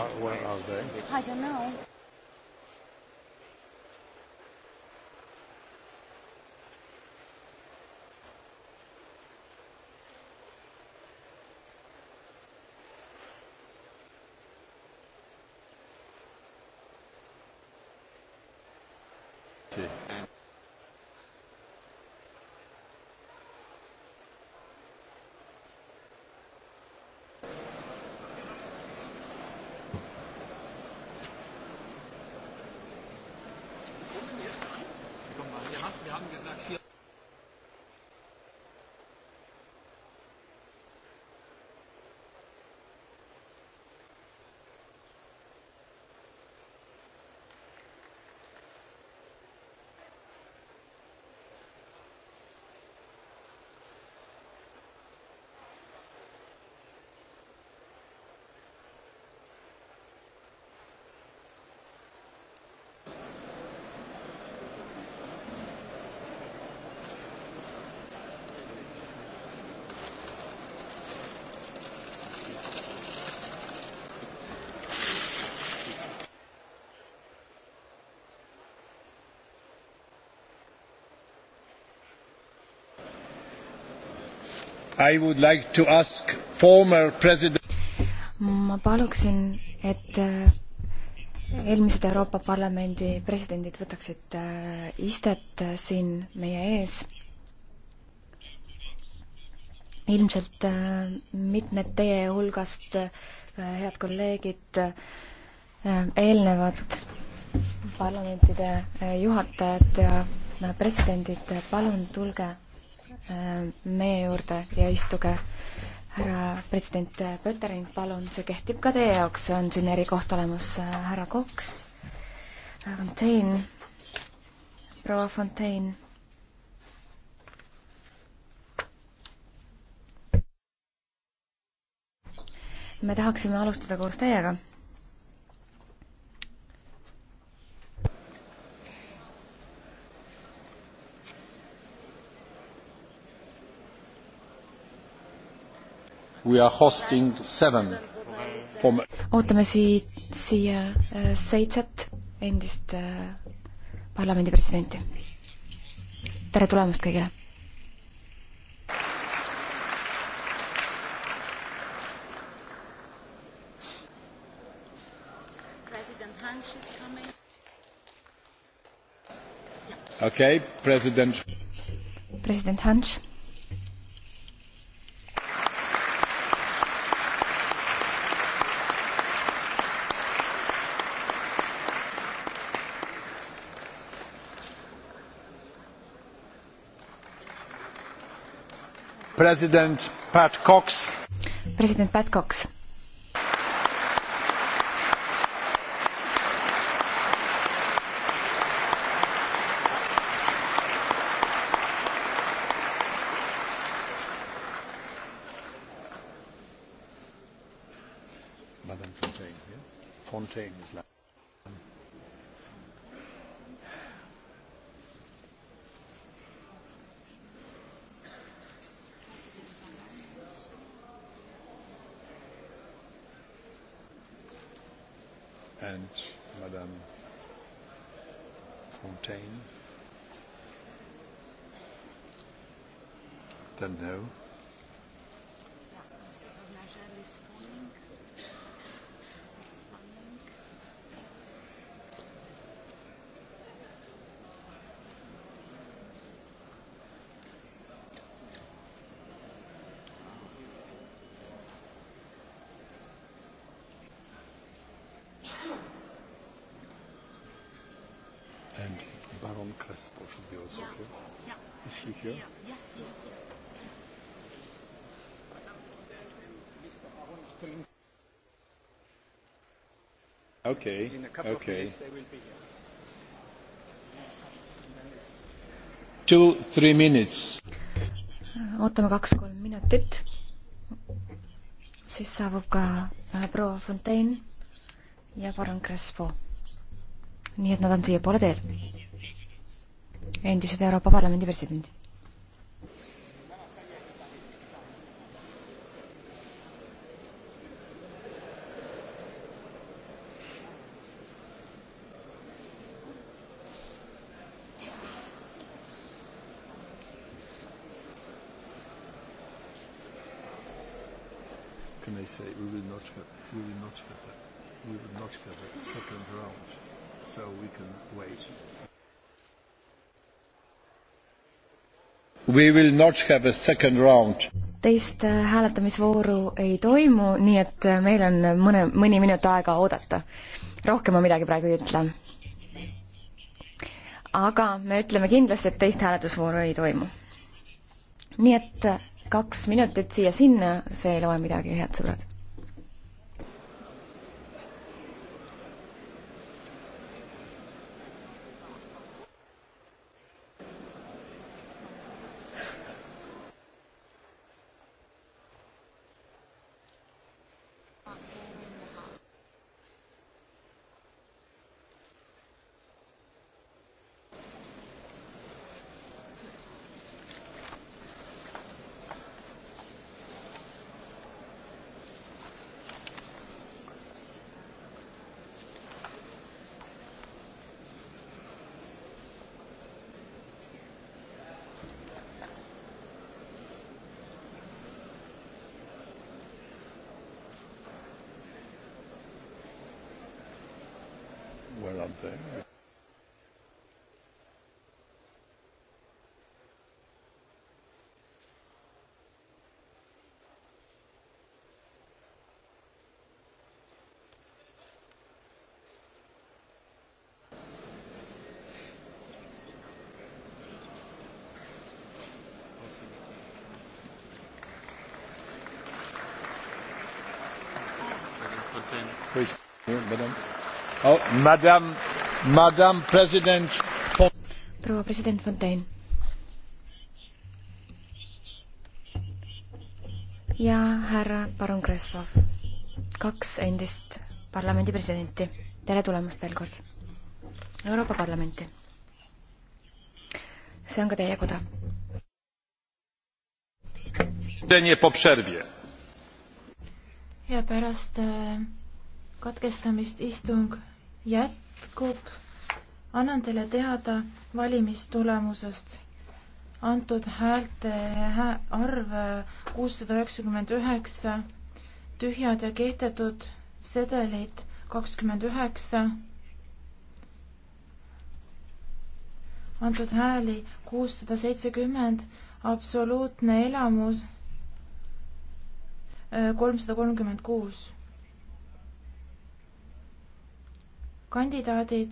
Where, where are they? I don't know. I would like to ask former president ma paluksin, et äh, eelmised Euroopa Parlamendi presidendid võtaksid äh, istet äh, siin meie ees. ilmselt mitmed teie hulgast, head kolleegid, eelnevad parlamentide juhatajad ja presidendid, palun tulge Äh, meie juurde ja istuge. härra president Pöttering, palun, see kehtib ka teie jaoks, on siin erikoht olemas. Äh, härra Koks, Fontaine, proua Fontaine. me tahaksime alustada koos teiega From... ootame sii-, siia äh, seitset endist äh, parlamendi presidenti. tere tulemast kõigile! okei okay,, president. president Hans president Pat Cox. president Pat Cox Okay. In a couple okay. of minutes, they will be here. Two, three minutes. ootame kaks-kolm minutit. siis saabub ka äh, proua Fontaine ja parun Crespo. nii et nad on siiapoole teel. endised Euroopa Parlamendi presidendid. not have, we will not have a, we will not have a second round, so we can wait. We will not have a second round. teist äh, hääletamisvooru ei toimu, nii et äh, meil on mõne, mõni minut aega oodata. rohkem ma midagi praegu ei ütle. aga me ütleme kindlasti, et teist hääletusvooru ei toimu. nii et äh, kaks minutit siia-sinna, see ei loe midagi, head sõbrad proua president Fontaine. ja härra parun Kresvov, kaks endist parlamendi presidenti, tere tulemast veel kord Euroopa Parlamenti. see on ka teie koda ja pärast äh, katkestamist istung jätkub. annan teile teada valimistulemusest. antud häälte arv äh, kuussada üheksakümmend üheksa, tühjad ja kehtetud sedelid kakskümmend üheksa. antud hääli kuussada seitsekümmend, absoluutne elamus kolmsada kolmkümmend kuus. kandidaadid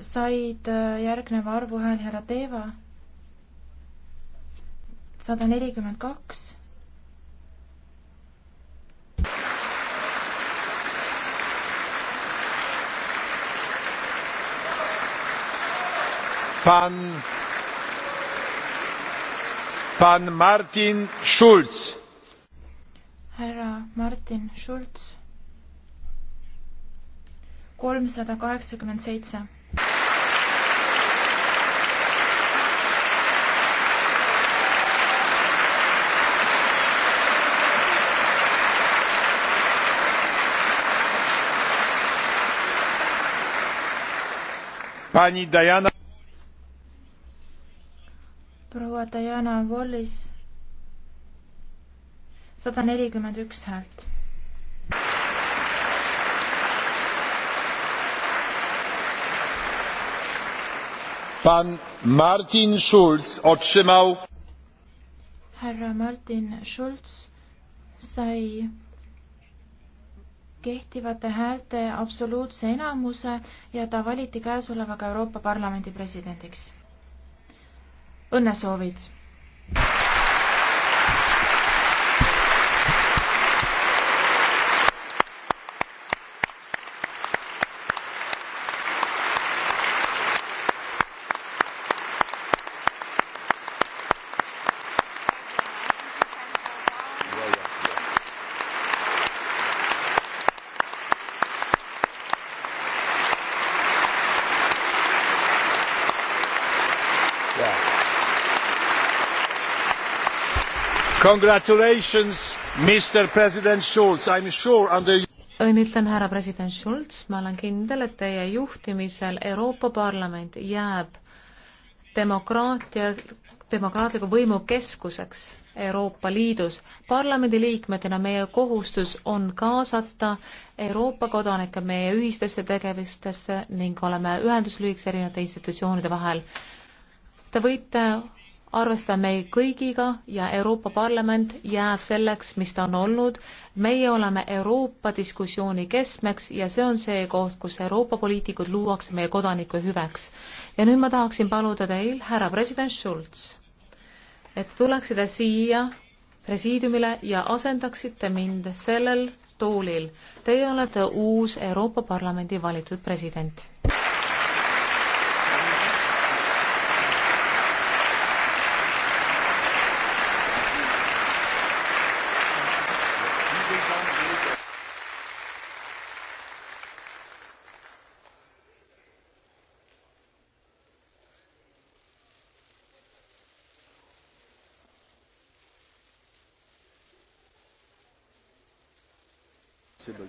said äh, järgneva arvu hääli härra Teeva sada nelikümmend kaks. Pan, pan Martin Schulz härra Martin Schulz. kolmsada kaheksakümmend seitse. pani Diana. proua Diana Wallis sada nelikümmend üks häält. Pan Martin Schulz otrzymał härra Martin Schulz sai kehtivate häälte absoluutse enamuse ja ta valiti käesolevaga Euroopa Parlamendi presidendiks. õnnesoovid! Congratulations, Mr President Schulz, I am sure under õnnitlen härra president Schulz, ma olen kindel, et teie juhtimisel Euroopa Parlament jääb demokraatia, demokraatliku võimu keskuseks Euroopa Liidus. parlamendi liikmetena meie kohustus on kaasata Euroopa kodanikke meie ühistesse tegevustesse ning oleme ühenduslühiks erinevate institutsioonide vahel. Te võite arvestame kõigiga ja Euroopa Parlament jääb selleks, mis ta on olnud. meie oleme Euroopa diskussiooni keskmeks ja see on see koht, kus Euroopa poliitikud luuakse meie kodanike hüveks. ja nüüd ma tahaksin paluda teil, härra president Schulz, et tuleksite siia presiidiumile ja asendaksite mind sellel toolil. Teie olete uus Euroopa Parlamendi valitud president.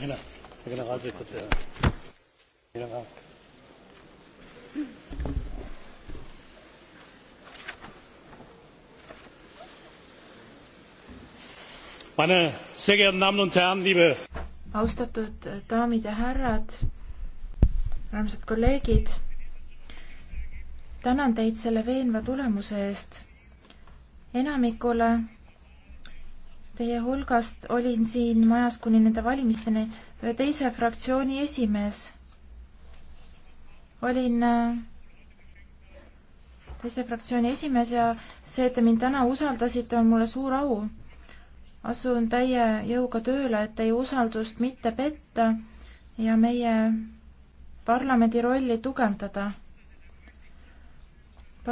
meine sehr geehrten Damen und Herren, liebe austatud daamid ja härrad, armsad kolleegid, tänan teid selle veenva tulemuse eest. enamikule Teie hulgast olin siin majas kuni nende valimisteni ühe teise fraktsiooni esimees. olin äh, teise fraktsiooni esimees ja see, et te mind täna usaldasite, on mulle suur au. asun täie jõuga tööle, et teie usaldust mitte petta ja meie parlamendi rolli tugevdada.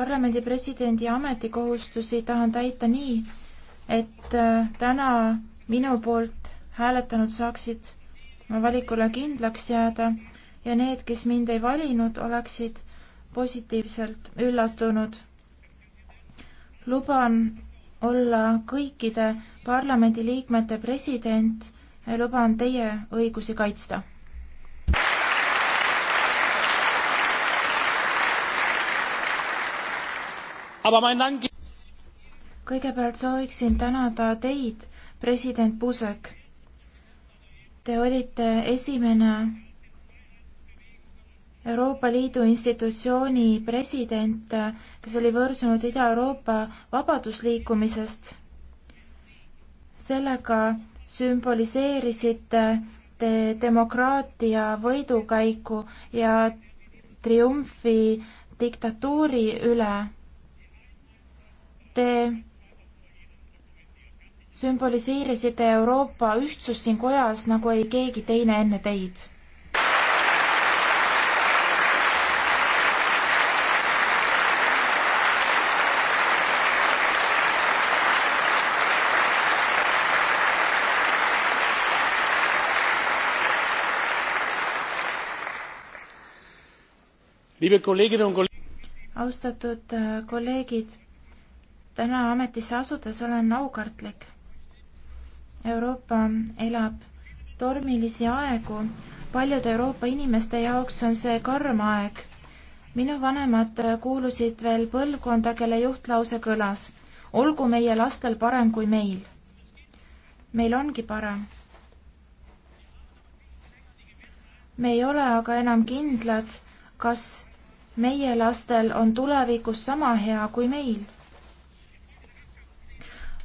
parlamendi presidendi ametikohustusi tahan täita nii, et äh, täna minu poolt hääletanud saaksid oma valikule kindlaks jääda ja need, kes mind ei valinud, oleksid positiivselt üllatunud. luban olla kõikide parlamendiliikmete president ja luban teie õigusi kaitsta aber mein dank kõigepealt sooviksin tänada teid, president Buzek. Te olite esimene Euroopa Liidu institutsiooni president, kes oli võrsunud Ida-Euroopa vabadusliikumisest. sellega sümboliseerisite te demokraatia võidukäiku ja triumfi diktatuuri üle. Te sümboliseerisite Euroopa ühtsust siin kojas nagu ei keegi teine enne teid. austatud äh, kolleegid, täna ametisse asudes olen aukartlik Euroopa elab tormilisi aegu. paljude Euroopa inimeste jaoks on see karm aeg. minu vanemad kuulusid veel põlvkonda, kelle juhtlause kõlas. olgu meie lastel parem kui meil. meil ongi parem. me ei ole aga enam kindlad, kas meie lastel on tulevikus sama hea kui meil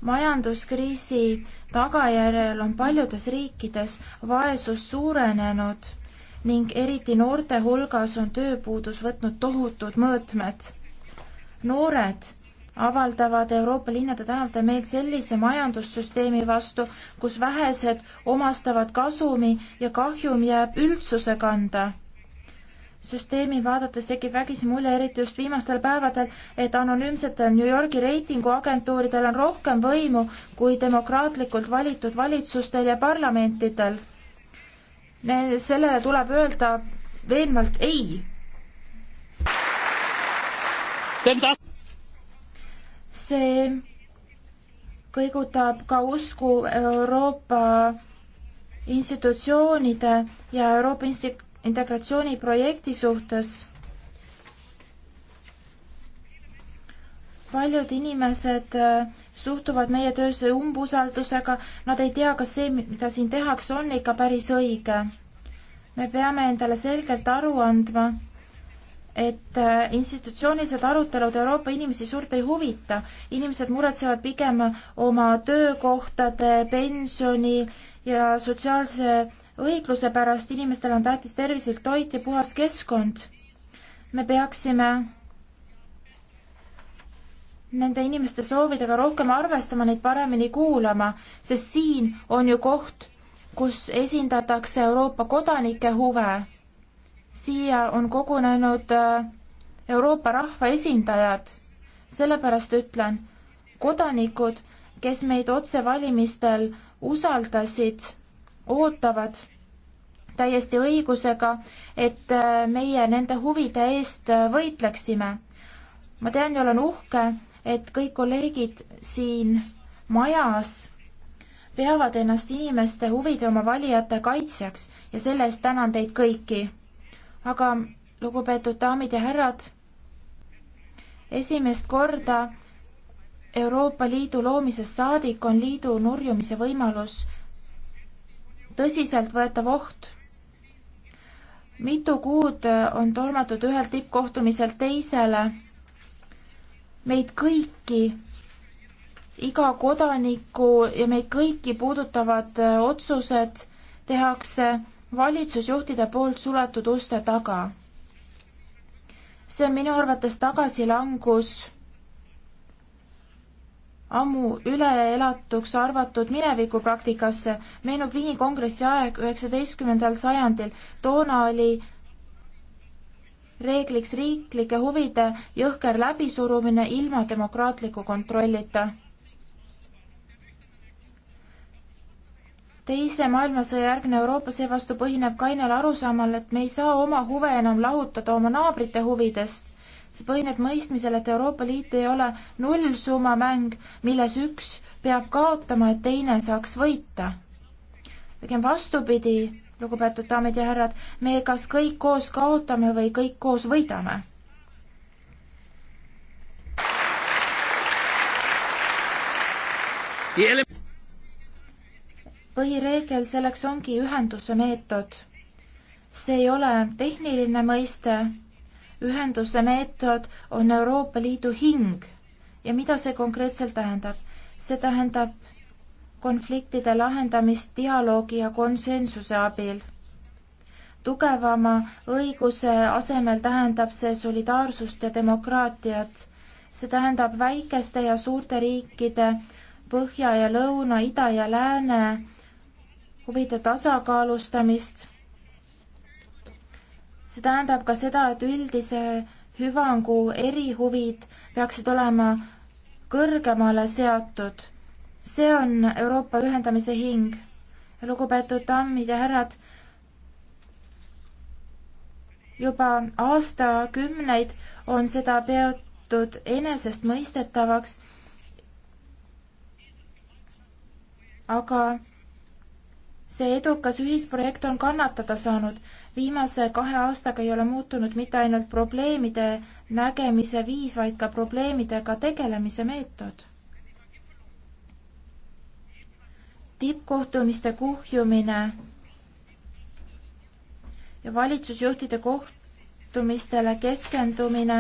majanduskriisi tagajärjel on paljudes riikides vaesus suurenenud ning eriti noorte hulgas on tööpuudus võtnud tohutud mõõtmed. noored avaldavad Euroopa linnade tänavatel meelt sellise majandussüsteemi vastu, kus vähesed omastavad kasumi ja kahjum jääb üldsuse kanda süsteemi vaadates tekib vägisi mulje, eriti just viimastel päevadel, et anonüümsetel New Yorgi reitinguagentuuridel on rohkem võimu kui demokraatlikult valitud valitsustel ja parlamentidel. sellele tuleb öelda veenvalt ei. see kõigutab ka usku Euroopa institutsioonide ja Euroopa instit-, integratsiooniprojekti suhtes. paljud inimesed äh, suhtuvad meie töösse umbusaldusega, nad ei tea, kas see, mida siin tehakse, on ikka päris õige. me peame endale selgelt aru andma, et äh, institutsioonilised arutelud Euroopa inimesi suurt ei huvita. inimesed muretsevad pigem oma töökohtade, pensioni ja sotsiaalse õigluse pärast inimestel on tähtis tervislik toit ja puhas keskkond. me peaksime nende inimeste soovidega rohkem arvestama, neid paremini kuulama, sest siin on ju koht, kus esindatakse Euroopa kodanike huve. siia on kogunenud äh, Euroopa rahva esindajad. sellepärast ütlen, kodanikud, kes meid otse valimistel usaldasid ootavad täiesti õigusega, et äh, meie nende huvide eest äh, võitleksime. ma tean ja olen uhke, et kõik kolleegid siin majas peavad ennast inimeste huvide oma valijate kaitsjaks ja selle eest tänan teid kõiki. aga lugupeetud daamid ja härrad, esimest korda Euroopa Liidu loomisest saadik on liidu nurjumise võimalus tõsiseltvõetav oht. mitu kuud on tormatud ühelt tippkohtumiselt teisele. meid kõiki, iga kodanikku ja meid kõiki puudutavad otsused tehakse valitsusjuhtide poolt suletud uste taga. see on minu arvates tagasilangus ammu üleelatuks arvatud minevikupraktikasse meenub Viini kongressi aeg üheksateistkümnendal sajandil. toona oli reegliks riiklike huvide jõhker läbisurumine ilma demokraatliku kontrollita. teise maailmasõja järgne Euroopa seevastu põhineb kainel arusaamal, et me ei saa oma huve enam lahutada oma naabrite huvidest see põhineb mõistmisel, et Euroopa Liit ei ole nullsummamäng, milles üks peab kaotama, et teine saaks võita. pigem vastupidi, lugupeetud daamid ja härrad, me kas kõik koos kaotame või kõik koos võidame põhireegel selleks ongi ühenduse meetod. see ei ole tehniline mõiste, ühenduse meetod on Euroopa Liidu hing ja mida see konkreetselt tähendab? see tähendab konfliktide lahendamist dialoogi ja konsensuse abil. tugevama õiguse asemel tähendab see solidaarsust ja demokraatiat. see tähendab väikeste ja suurte riikide põhja ja lõuna, ida ja lääne huvide tasakaalustamist see tähendab ka seda, et üldise hüvangu erihuvid peaksid olema kõrgemale seatud. see on Euroopa ühendamise hing. lugupeetud daamid ja härrad, juba aastakümneid on seda peetud enesestmõistetavaks, aga see edukas ühisprojekt on kannatada saanud viimase kahe aastaga ei ole muutunud mitte ainult probleemide nägemise viis, vaid ka probleemidega tegelemise meetod. tippkohtumiste kuhjumine ja valitsusjuhtide kohtumistele keskendumine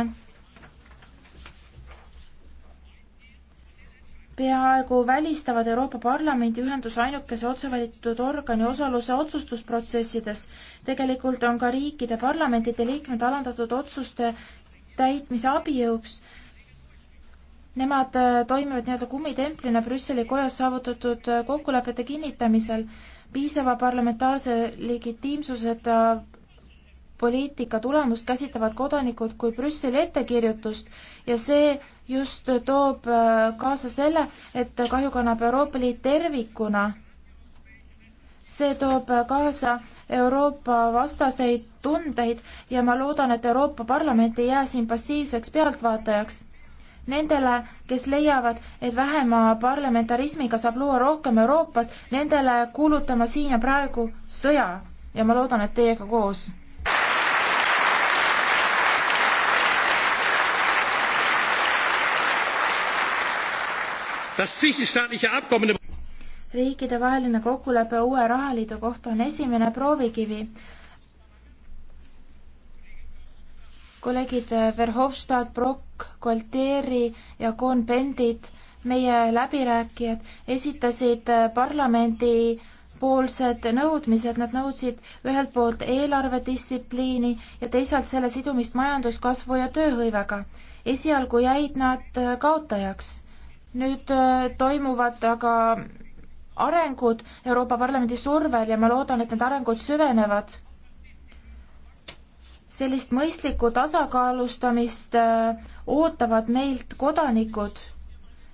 peaaegu välistavad Euroopa Parlamendi ühenduse ainukese otsevalitud organi osaluse otsustusprotsessides. tegelikult on ka riikide parlamentide liikmed alandatud otsuste täitmise abijõuks. Nemad äh, toimivad nii-öelda kummitemplina Brüsseli kojas saavutatud äh, kokkulepete kinnitamisel. piisava parlamentaarse legitiimsuseta poliitika tulemust käsitlevad kodanikud kui Brüsseli ettekirjutust ja see just toob äh, kaasa selle, et kahju kannab Euroopa Liit tervikuna. see toob äh, kaasa Euroopa vastaseid tundeid ja ma loodan, et Euroopa Parlament ei jää siin passiivseks pealtvaatajaks. Nendele, kes leiavad, et vähema parlamentarismiga saab luua rohkem Euroopat, nendele kuulutama siin ja praegu sõja ja ma loodan, et teiega koos Das zwischenstaatliche Abkommen riikidevaheline kokkulepe uue rahaliidu kohta on esimene proovikivi. kolleegid Verhofstadt, Brock, Gualteri ja Cohn-Bendit, meie läbirääkijad, esitasid parlamendi poolsed nõudmised, nad nõudsid ühelt poolt eelarvedistsipliini ja teisalt selle sidumist majanduskasvu ja tööhõivega. esialgu jäid nad kaotajaks nüüd äh, toimuvad aga arengud Euroopa Parlamendi survel ja ma loodan, et need arengud süvenevad. sellist mõistlikku tasakaalustamist äh, ootavad meilt kodanikud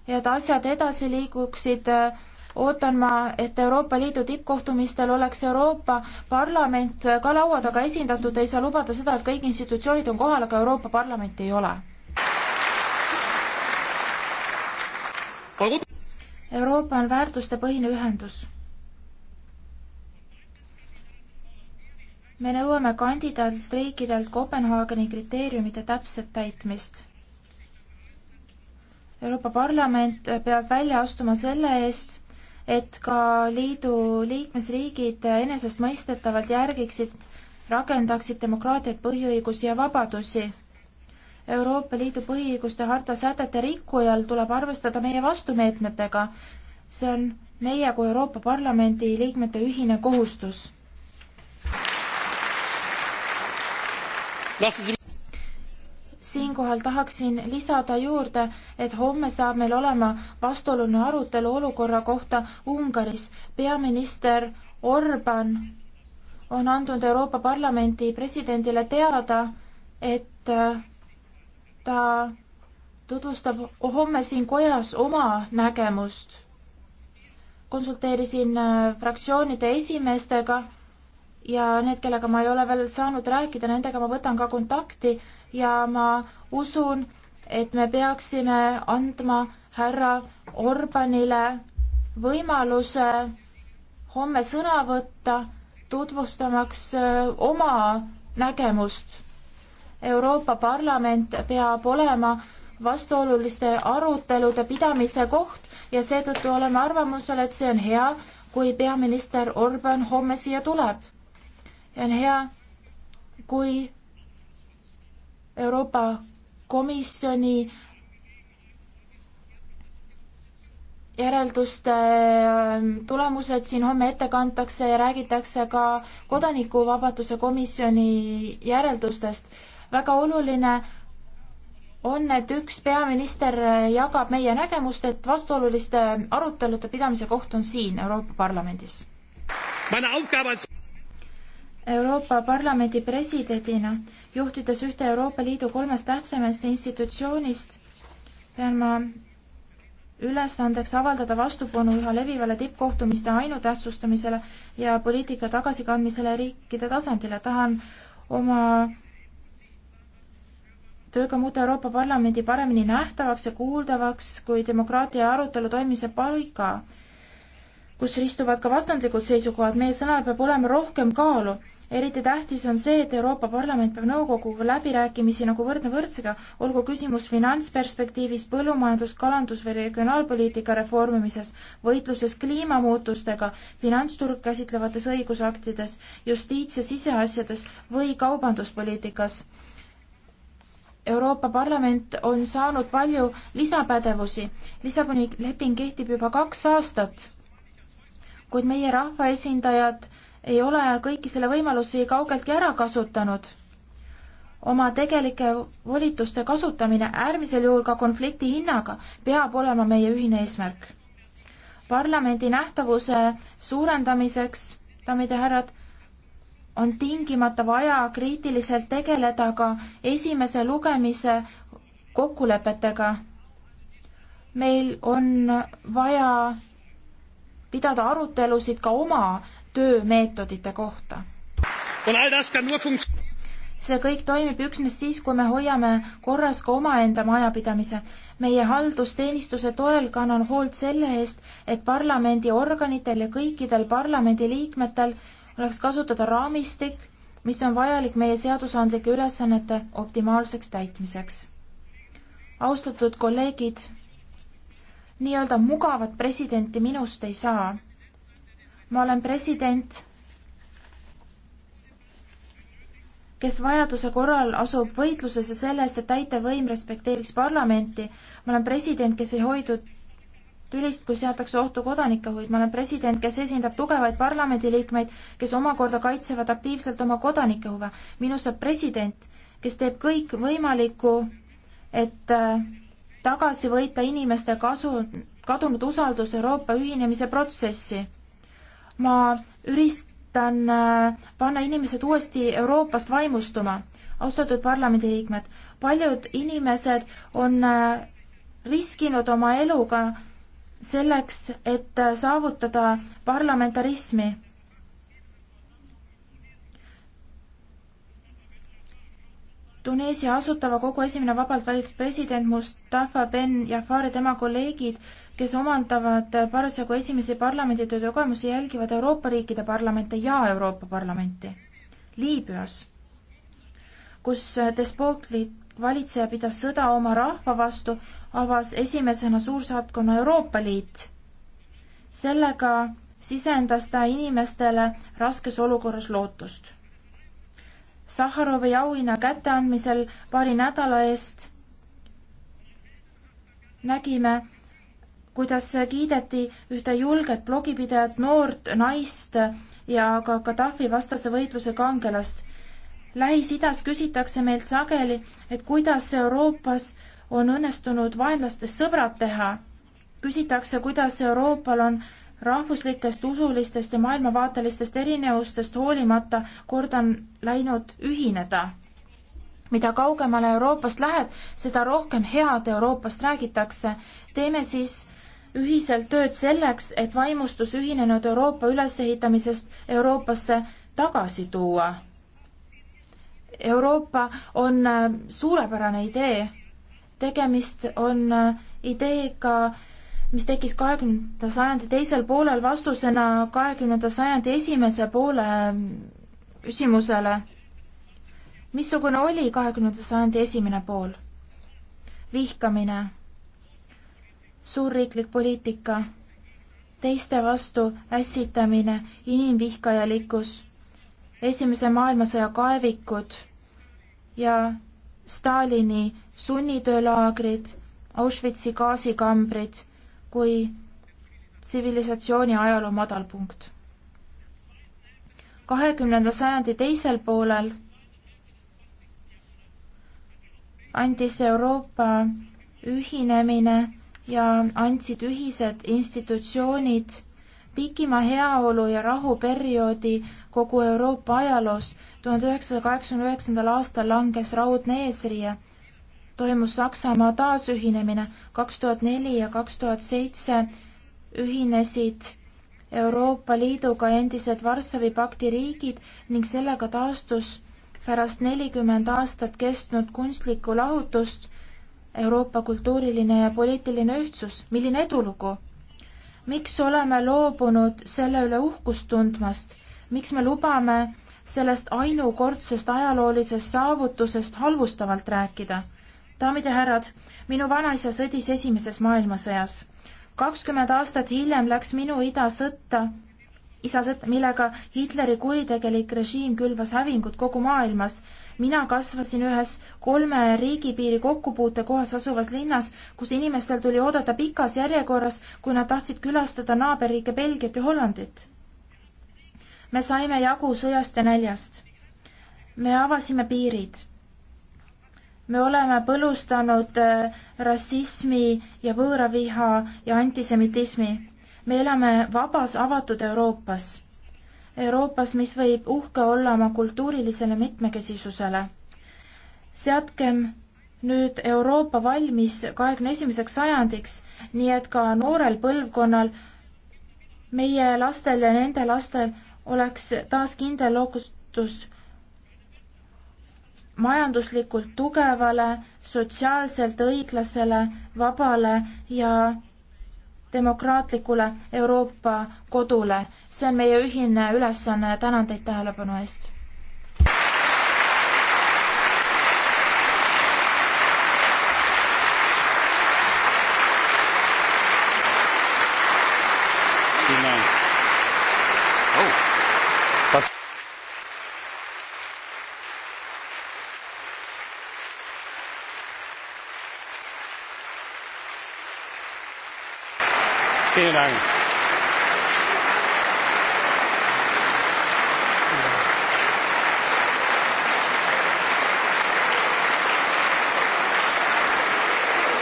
ja et asjad edasi liiguksid, äh, ootan ma, et Euroopa Liidu tippkohtumistel oleks Euroopa Parlament ka laua taga esindatud, ei saa lubada seda, et kõik institutsioonid on kohal, aga Euroopa Parlamenti ei ole Euroopa on väärtustepõhine ühendus. me nõuame kandidaatriikidelt Kopenhaageni kriteeriumide täpset täitmist. Euroopa Parlament peab välja astuma selle eest, et ka liidu liikmesriigid enesestmõistetavalt järgiksid, rakendaksid demokraatiat, põhiõigusi ja vabadusi Euroopa Liidu põhiõiguste harta sätete rikkujal tuleb arvestada meie vastumeetmetega. see on meie kui Euroopa Parlamendi liikmete ühine kohustus. siinkohal tahaksin lisada juurde, et homme saab meil olema vastuoluline arutelu olukorra kohta Ungaris. peaminister Orban on andnud Euroopa Parlamendi presidendile teada, et ta tutvustab homme siin kojas oma nägemust. konsulteerisin äh, fraktsioonide esimeestega ja need, kellega ma ei ole veel saanud rääkida, nendega ma võtan ka kontakti ja ma usun, et me peaksime andma härra Orbanile võimaluse homme sõna võtta, tutvustamaks äh, oma nägemust Euroopa Parlament peab olema vastuoluliste arutelude pidamise koht ja seetõttu oleme arvamusel, et see on hea, kui peaminister Orban homme siia tuleb. ja on hea, kui Euroopa Komisjoni järelduste ähm, tulemused siin homme ette kantakse ja räägitakse ka kodanikuvabaduse komisjoni järeldustest väga oluline on, et üks peaminister jagab meie nägemust, et vastuoluliste arutelude pidamise koht on siin Euroopa Parlamendis. Euroopa Parlamendi presidendina, juhtides ühte Euroopa Liidu kolmest tähtsamast institutsioonist, pean ma ülesandeks avaldada vastupanu üha levivale tippkohtumiste ainutähtsustamisele ja poliitika tagasikandmisele riikide tasandile. tahan oma tööga muuta Euroopa Parlamendi paremini nähtavaks ja kuuldavaks, kui demokraatia arutelu toimimise paiga, kus ristuvad ka vastandlikud seisukohad, meie sõnal peab olema rohkem kaalu. eriti tähtis on see, et Euroopa Parlament peab nõukoguga läbirääkimisi nagu võrdne võrdsega, olgu küsimus finantsperspektiivis, põllumajandus, kalandus või regionaalpoliitika reformimises, võitluses kliimamuutustega, finantsturg käsitlevates õigusaktides, justiits- ja siseasjades või kaubanduspoliitikas Euroopa Parlament on saanud palju lisapädevusi. Lissaboni leping kehtib juba kaks aastat, kuid meie rahvaesindajad ei ole kõiki selle võimalusi kaugeltki ära kasutanud. oma tegelike volituste kasutamine, äärmisel juhul ka konflikti hinnaga, peab olema meie ühine eesmärk. parlamendi nähtavuse suurendamiseks, daamid ja härrad, on tingimata vaja kriitiliselt tegeleda ka esimese lugemise kokkulepetega. meil on vaja pidada arutelusid ka oma töömeetodite kohta. see kõik toimib üksnes siis, kui me hoiame korras ka omaenda majapidamise. meie haldusteenistuse toel kannan hoolt selle eest, et parlamendi organitel ja kõikidel parlamendiliikmetel oleks kasutada raamistik, mis on vajalik meie seadusandlike ülesannete optimaalseks täitmiseks. austatud kolleegid, nii-öelda mugavat presidenti minust ei saa. ma olen president, kes vajaduse korral asub võitlusesse selle eest, et täitevvõim respekteeriks parlamenti. ma olen president, kes ei hoidu tülist, kui seatakse ohtu kodanike huvid. ma olen president, kes esindab tugevaid parlamendiliikmeid, kes omakorda kaitsevad aktiivselt oma kodanike huve. minust saab president, kes teeb kõik võimalikku, et äh, tagasi võita inimeste kasu, kadunud usaldus Euroopa ühinemise protsessi. ma üritan äh, panna inimesed uuesti Euroopast vaimustuma. austatud parlamendiliikmed, paljud inimesed on äh, riskinud oma eluga selleks, et saavutada parlamentarismi. Tuneesia Asutava Kogu esimene vabalt valitud president Mustafa Ben Jafar ja tema kolleegid, kes omandavad parasjagu esimesi parlamenditöö kogemusi, jälgivad Euroopa riikide parlamente ja Euroopa Parlamenti. Liibüas, kus despootlik valitseja pidas sõda oma rahva vastu, avas esimesena suursaatkonna Euroopa Liit. sellega sisendas ta inimestele raskes olukorras lootust. Sahharovi auhinna kätteandmisel paari nädala eest nägime, kuidas kiideti ühte julget blogipidajat, noort naist ja ka Gaddafi vastase võitluse kangelast. Lähis-Idas küsitakse meilt sageli, et kuidas Euroopas on õnnestunud vaenlastest sõbrad teha. küsitakse, kuidas Euroopal on rahvuslikest, usulistest ja maailmavaatelistest erinevustest hoolimata kord on läinud ühineda. mida kaugemale Euroopast lähed, seda rohkem head Euroopast räägitakse. teeme siis ühiselt tööd selleks, et vaimustus ühinenud Euroopa ülesehitamisest Euroopasse tagasi tuua Euroopa on äh, suurepärane idee. tegemist on äh, ideega, mis tekkis kahekümnenda sajandi teisel poolel vastusena kahekümnenda sajandi esimese poole ähm, küsimusele. missugune oli kahekümnenda sajandi esimene pool? vihkamine, suurriiklik poliitika, teiste vastu ässitamine, inimvihkajalikkus esimese maailmasõja kaevikud ja Stalini sunnitöölaagrid, Auschwitzi gaasikambrid kui tsivilisatsiooni ajaloo madalpunkt. kahekümnenda sajandi teisel poolel andis Euroopa ühinemine ja andsid ühised institutsioonid pikima heaolu ja rahu perioodi kogu Euroopa ajaloos. tuhande üheksasaja kaheksakümne üheksandal aastal langes raudne eesriie, toimus Saksamaa taasühinemine, kaks tuhat neli ja kaks tuhat seitse ühinesid Euroopa Liiduga endised Varssavi pakti riigid ning sellega taastus pärast nelikümmend aastat kestnud kunstlikku lahutust Euroopa kultuuriline ja poliitiline ühtsus, milline edulugu! miks oleme loobunud selle üle uhkust tundmast? miks me lubame sellest ainukordsest ajaloolisest saavutusest halvustavalt rääkida? daamid ja härrad, minu vanaisa sõdis Esimeses maailmasõjas. kakskümmend aastat hiljem läks minu ida sõtta, isa sõtta, millega Hitleri kuritegelik režiim külvas hävingut kogu maailmas. mina kasvasin ühes kolme riigipiiri kokkupuutekohas asuvas linnas, kus inimestel tuli oodata pikas järjekorras, kui nad tahtsid külastada naaberriike Belgiat ja Hollandit me saime jagu sõjast ja näljast. me avasime piirid. me oleme põlustanud äh, rassismi ja võõraviha ja antisemitismi. me elame vabas, avatud Euroopas. Euroopas, mis võib uhke olla oma kultuurilisele mitmekesisusele. seadkem nüüd Euroopa valmis kahekümne esimeseks sajandiks, nii et ka noorel põlvkonnal, meie lastel ja nende lastel oleks taas kindel lookustus majanduslikult tugevale, sotsiaalselt õiglasele, vabale ja demokraatlikule Euroopa kodule. see on meie ühine ülesanne, tänan teid tähelepanu eest! Dank.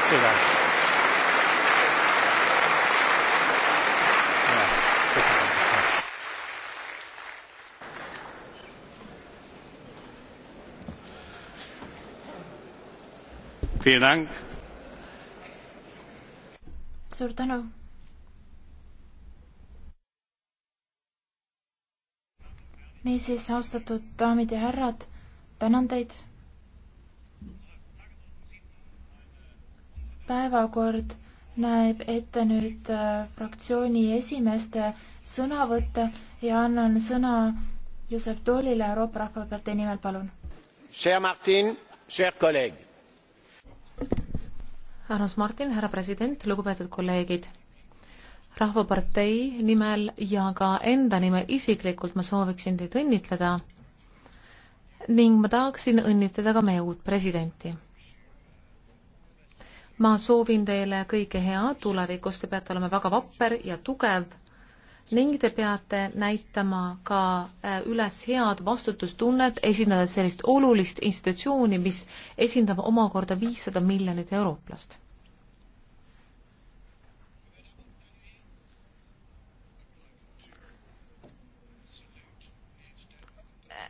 Vielen Dank. Vielen Dank. Suur tänu. niisiis, austatud daamid ja härrad, tänan teid. päevakord näeb ette nüüd äh, fraktsiooni esimeeste sõnavõtte ja annan sõna Josep Toolile Euroopa Rahvapartei nimel, palun. armas Martin, härra president, lugupeetud kolleegid Rahvapartei nimel ja ka enda nimel isiklikult ma sooviksin teid õnnitleda ning ma tahaksin õnnitleda ka meie uut presidenti. ma soovin teile kõike head tulevikus, te peate olema väga vapper ja tugev ning te peate näitama ka äh, üles head vastutustunnet, esindades sellist olulist institutsiooni, mis esindab omakorda viissada miljonit eurooplast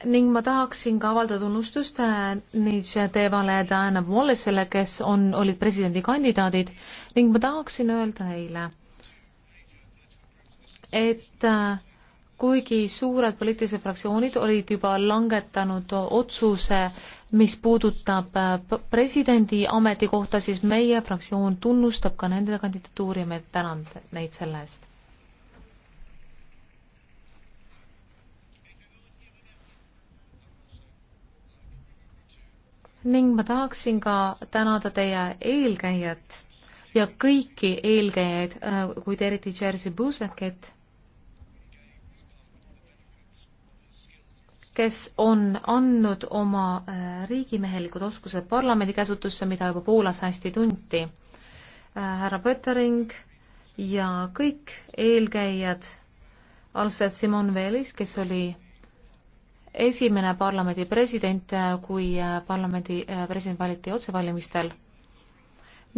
ning ma tahaksin ka avaldada tunnustust äh, Nigedevale ja Diana Wallace'ile, kes on, olid presidendikandidaadid ning ma tahaksin öelda neile, et äh, kuigi suured poliitilised fraktsioonid olid juba langetanud otsuse, mis puudutab äh, presidendi ametikohta, siis meie fraktsioon tunnustab ka nende kandidatuuri ja me täname neid selle eest ning ma tahaksin ka tänada teie eelkäijat ja kõiki eelkäijaid, äh, kuid eriti Jerzy Buzekit, kes on andnud oma äh, riigimehelikud oskused parlamendi käsutusse, mida juba Poolas hästi tunti. Äh, härra Pöttering ja kõik eelkäijad, alustades Simon Velis, kes oli esimene parlamendi president, kui äh, parlamendi äh, president valiti otsevalimistel.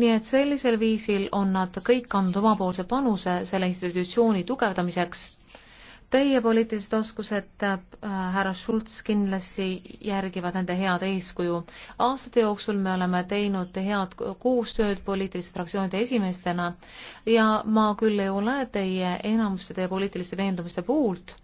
nii et sellisel viisil on nad kõik andnud omapoolse panuse selle institutsiooni tugevdamiseks. Teie poliitilised oskused äh,, härra Schulz, kindlasti järgivad nende head eeskuju. aastate jooksul me oleme teinud head koostööd poliitiliste fraktsioonide esimeestena ja ma küll ei ole teie enamuste, teie poliitiliste veendumuste poolt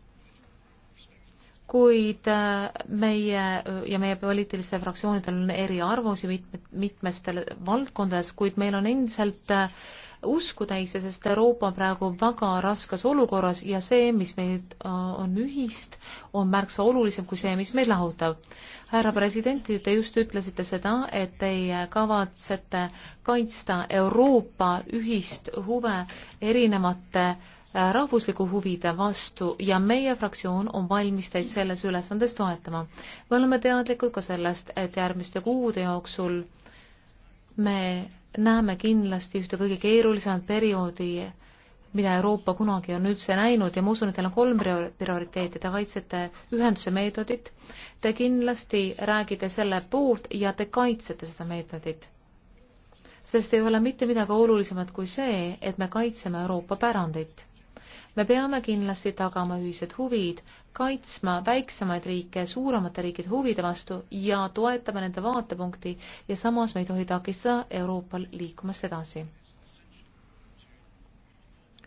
kuid äh, meie äh, ja meie poliitilistel fraktsioonidel on eriarvamusi mitmed, mitmestel valdkondades, kuid meil on endiselt äh, usku täis, sest Euroopa on praegu väga raskes olukorras ja see, mis meid on ühist, on märksa olulisem kui see, mis meid lahutab. härra president, te just ütlesite seda, et teie kavatsete kaitsta Euroopa ühist huve erinevate äh, Äh, rahvusliku huvide vastu ja meie fraktsioon on valmis teid selles ülesandes toetama. me oleme teadlikud ka sellest, et järgmiste kuude jooksul me näeme kindlasti ühte kõige keerulisemat perioodi, mida Euroopa kunagi on üldse näinud ja ma usun, et teil on kolm prioriteeti, te kaitsete ühenduse meetodit, te kindlasti räägite selle poolt ja te kaitsete seda meetodit. sest ei ole mitte midagi olulisemat kui see, et me kaitseme Euroopa pärandit me peame kindlasti tagama ühised huvid, kaitsma väiksemaid riike suuremate riikide huvide vastu ja toetama nende vaatepunkti ja samas me ei tohi takistada Euroopal liikumast edasi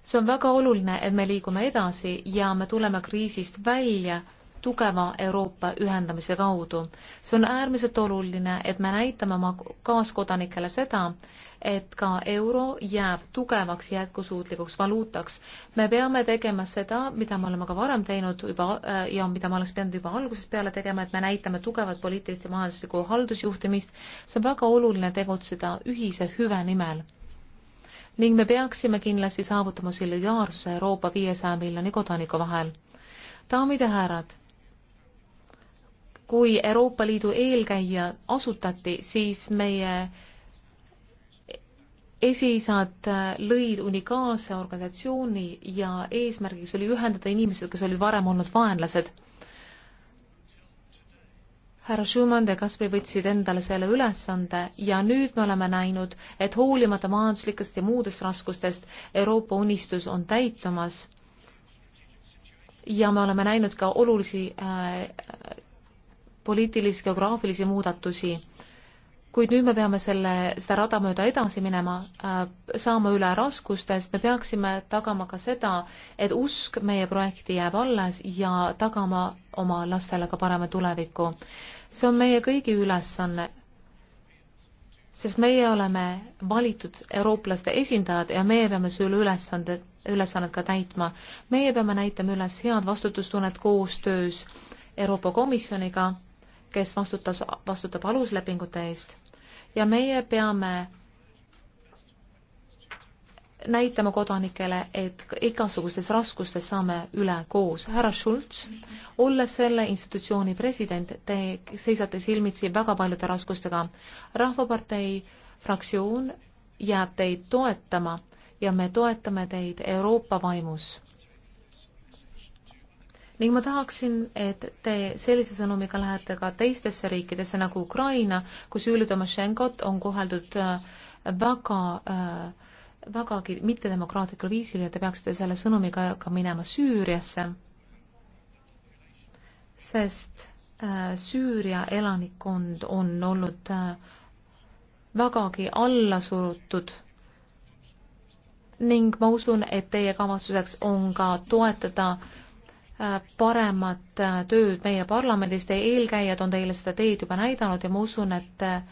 see on väga oluline, et me liigume edasi ja me tuleme kriisist välja tugeva Euroopa ühendamise kaudu. see on äärmiselt oluline, et me näitame oma kaaskodanikele seda, et ka euro jääb tugevaks jätkusuutlikuks valuutaks. me peame tegema seda, mida me oleme ka varem teinud juba äh, ja mida me oleks pidanud juba algusest peale tegema, et me näitame tugevat poliitilist ja majanduslikku haldusjuhtimist. see on väga oluline tegutseda ühise hüve nimel ning me peaksime kindlasti saavutama solidaarsuse Euroopa viiesaja miljoni kodaniku vahel. daamid ja härrad kui Euroopa Liidu eelkäija asutati, siis meie esiisad äh, lõid unikaalse organisatsiooni ja eesmärgiks oli ühendada inimesed, kes olid varem olnud vaenlased. härra Schumann ja Kaspari võtsid endale selle ülesande ja nüüd me oleme näinud, et hoolimata majanduslikest ja muudest raskustest Euroopa unistus on täitumas. ja me oleme näinud ka olulisi äh, poliitilisi, geograafilisi muudatusi. kuid nüüd me peame selle, seda rada mööda edasi minema, äh, saama üle raskustest, me peaksime tagama ka seda, et usk meie projekti jääb alles ja tagama oma lastele ka parema tuleviku. see on meie kõigi ülesanne sest meie oleme valitud eurooplaste esindajad ja meie peame selle ülesande, ülesannet ka täitma. meie peame näitama üles head vastutustunnet koostöös Euroopa Komisjoniga kes vastutas, vastutab aluslepingute eest ja meie peame näitama kodanikele, et igasugustes raskustes saame üle koos. härra Schulz, olles selle institutsiooni president, te seisate silmitsi väga paljude raskustega. rahvapartei fraktsioon jääb teid toetama ja me toetame teid Euroopa vaimus ning ma tahaksin, et te sellise sõnumiga lähete ka teistesse riikidesse nagu Ukraina, kus Jüri Tomašenkot on koheldud äh, väga äh, vägagi mittedemokraatlikul viisil ja te peaksite selle sõnumiga ka minema Süüriasse, sest äh, Süüria elanikkond on olnud vägagi alla surutud ning ma usun, et teie kavatsuseks on ka toetada äh, paremat äh, tööd meie parlamendis, teie eelkäijad on teile seda teed juba näidanud ja ma usun, et äh,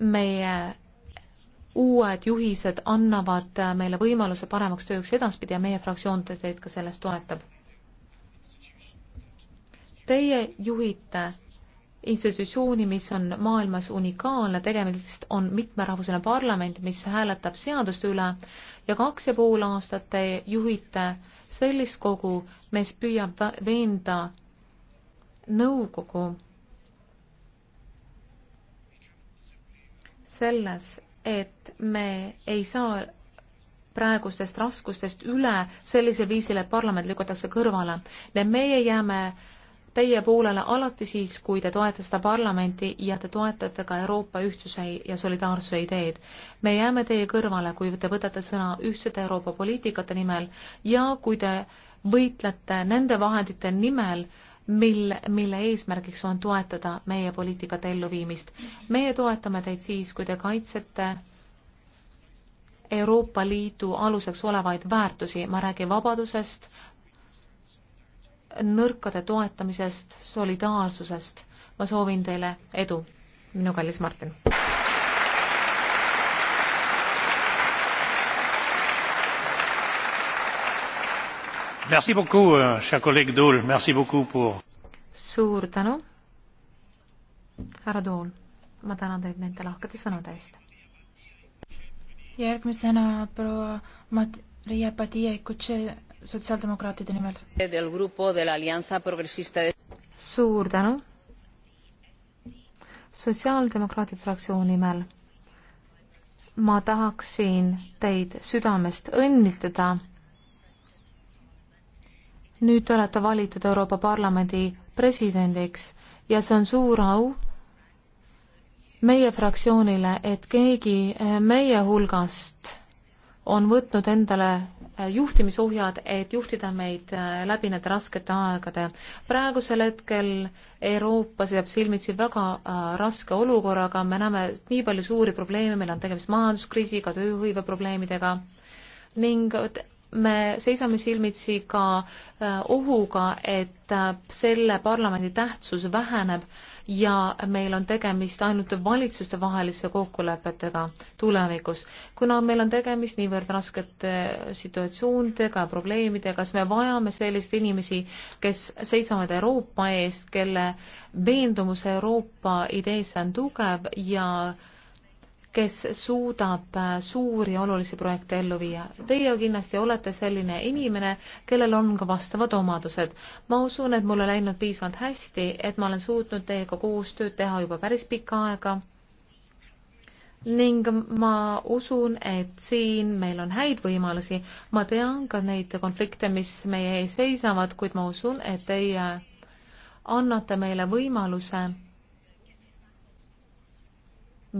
meie uued juhised annavad äh, meile võimaluse paremaks tööks edaspidi ja meie fraktsioon teid ka selles toetab. Teie juhite institutsiooni, mis on maailmas unikaalne, tegemist on mitmerahvuseline parlament, mis hääletab seaduste üle, ja kaks ja pool aastat te juhite sellist kogu, mis püüab veenda nõukogu selles, et me ei saa praegustest raskustest üle sellisel viisil, et parlament lükatakse kõrvale ja meie jääme teie poolele alati siis, kui te toetate seda parlamenti ja te toetate ka Euroopa ühtsuse ja solidaarsuse ideed. me jääme teie kõrvale, kui te võtate sõna ühtsete Euroopa poliitikate nimel ja kui te võitlete nende vahendite nimel, mil, mille eesmärgiks on toetada meie poliitikate elluviimist. meie toetame teid siis, kui te kaitsete Euroopa Liidu aluseks olevaid väärtusi, ma räägin vabadusest, nõrkade toetamisest, solidaarsusest. ma soovin teile edu, minu kallis Martin. Merci beaucoup, euh, cher collègue Dool, merci beaucoup pour. suur tänu, härra Dool, ma tänan teid nende lahkete sõnade eest. järgmisena proua Mat-, Riia Padija Kutše sotsiaaldemokraatide nimel. suur tänu. sotsiaaldemokraatide fraktsiooni nimel ma tahaksin teid südamest õnnitleda. nüüd te olete valitud Euroopa Parlamendi presidendiks ja see on suur au meie fraktsioonile, et keegi meie hulgast on võtnud endale Äh, juhtimisohjad, et juhtida meid äh, läbi nende raskete aegade. praegusel hetkel Euroopa seab silmitsi väga äh, raske olukorraga, me näeme nii palju suuri probleeme, meil on tegemist majanduskriisiga, tööhõiveprobleemidega ning me seisame silmitsi ka ohuga, et selle parlamendi tähtsus väheneb ja meil on tegemist ainult valitsustevaheliste kokkulepetega tulevikus. kuna meil on tegemist niivõrd raskete situatsioonidega ja probleemidega, kas me vajame selliseid inimesi, kes seisavad Euroopa eest, kelle veendumus Euroopa ideesse on tugev ja äh, kes suudab äh, suuri olulisi projekte ellu viia. Teie kindlasti olete selline inimene, kellel on ka vastavad omadused. ma usun, et mul on läinud piisavalt hästi, et ma olen suutnud teiega koostööd teha juba päris pikka aega ning ma usun, et siin meil on häid võimalusi. ma tean ka neid konflikte, mis meie ees seisavad, kuid ma usun, et teie annate meile võimaluse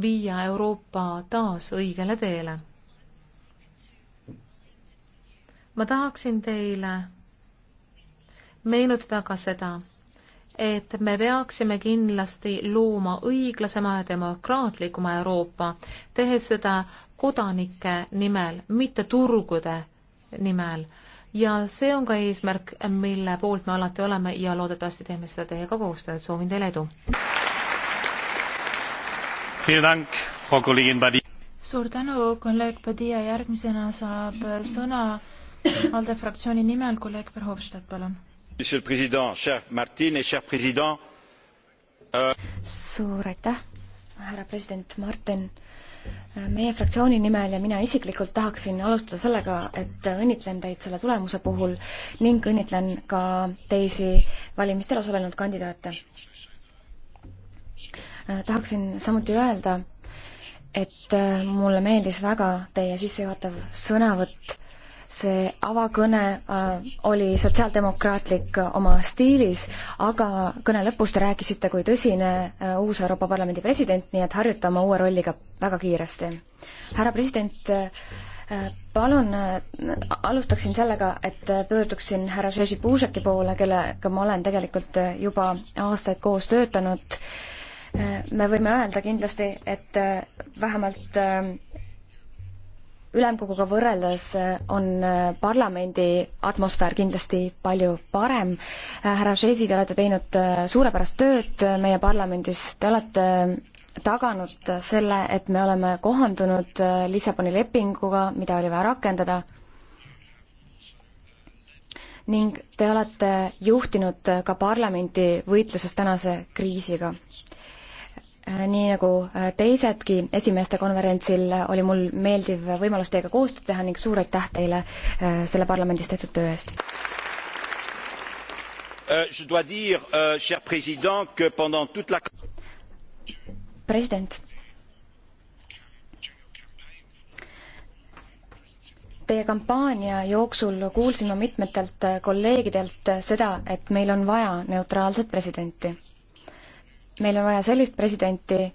viia Euroopa taas õigele teele. ma tahaksin teile meenutada ka seda, et me peaksime kindlasti looma õiglasema ja demokraatlikuma Euroopa, tehes seda kodanike nimel, mitte turgude nimel. ja see on ka eesmärk, mille poolt me alati oleme ja loodetavasti teeme seda teiega koostööd, soovin teile edu! suur tänu, kolleeg Padilla, järgmisena saab sõna ALDE fraktsiooni nimel kolleeg Verhofstadt, palun. Euh, suur aitäh, härra president Martin. meie fraktsiooni nimel ja mina isiklikult tahaksin alustada sellega, et õnnitlen teid selle tulemuse puhul ning õnnitlen ka teisi valimistel osalenud kandidaate Äh, tahaksin samuti öelda, et äh, mulle meeldis väga teie sissejuhatav sõnavõtt. see avakõne äh, oli sotsiaaldemokraatlik oma stiilis, aga kõne lõpus te rääkisite kui tõsine uus Euroopa Parlamendi president, nii et harjuta oma uue rolliga väga kiiresti. härra president, palun alustaksin sellega, et pöörduksin härra Žeži Puuseki poole, kellega ma olen tegelikult juba aastaid koos töötanud Äh, me võime öelda kindlasti, et äh, vähemalt äh, ülemkoguga võrreldes on parlamendi atmosfäär kindlasti palju parem. härra Šesi, te olete teinud suurepärast tööd meie parlamendis, te olete taganud selle, et me oleme kohandunud Lissaboni lepinguga, mida oli vaja rakendada, ning te olete juhtinud ka parlamenti võitluses tänase kriisiga. Äh, nii nagu äh, teisedki esimeeste konverentsil, äh, oli mul meeldiv võimalus teiega koostööd teha ning suur aitäh teile selle parlamendis tehtud töö eest. president. Teie kampaania jooksul kuulsin ma mitmetelt kolleegidelt seda, et meil on vaja neutraalset presidenti meil on vaja sellist presidenti,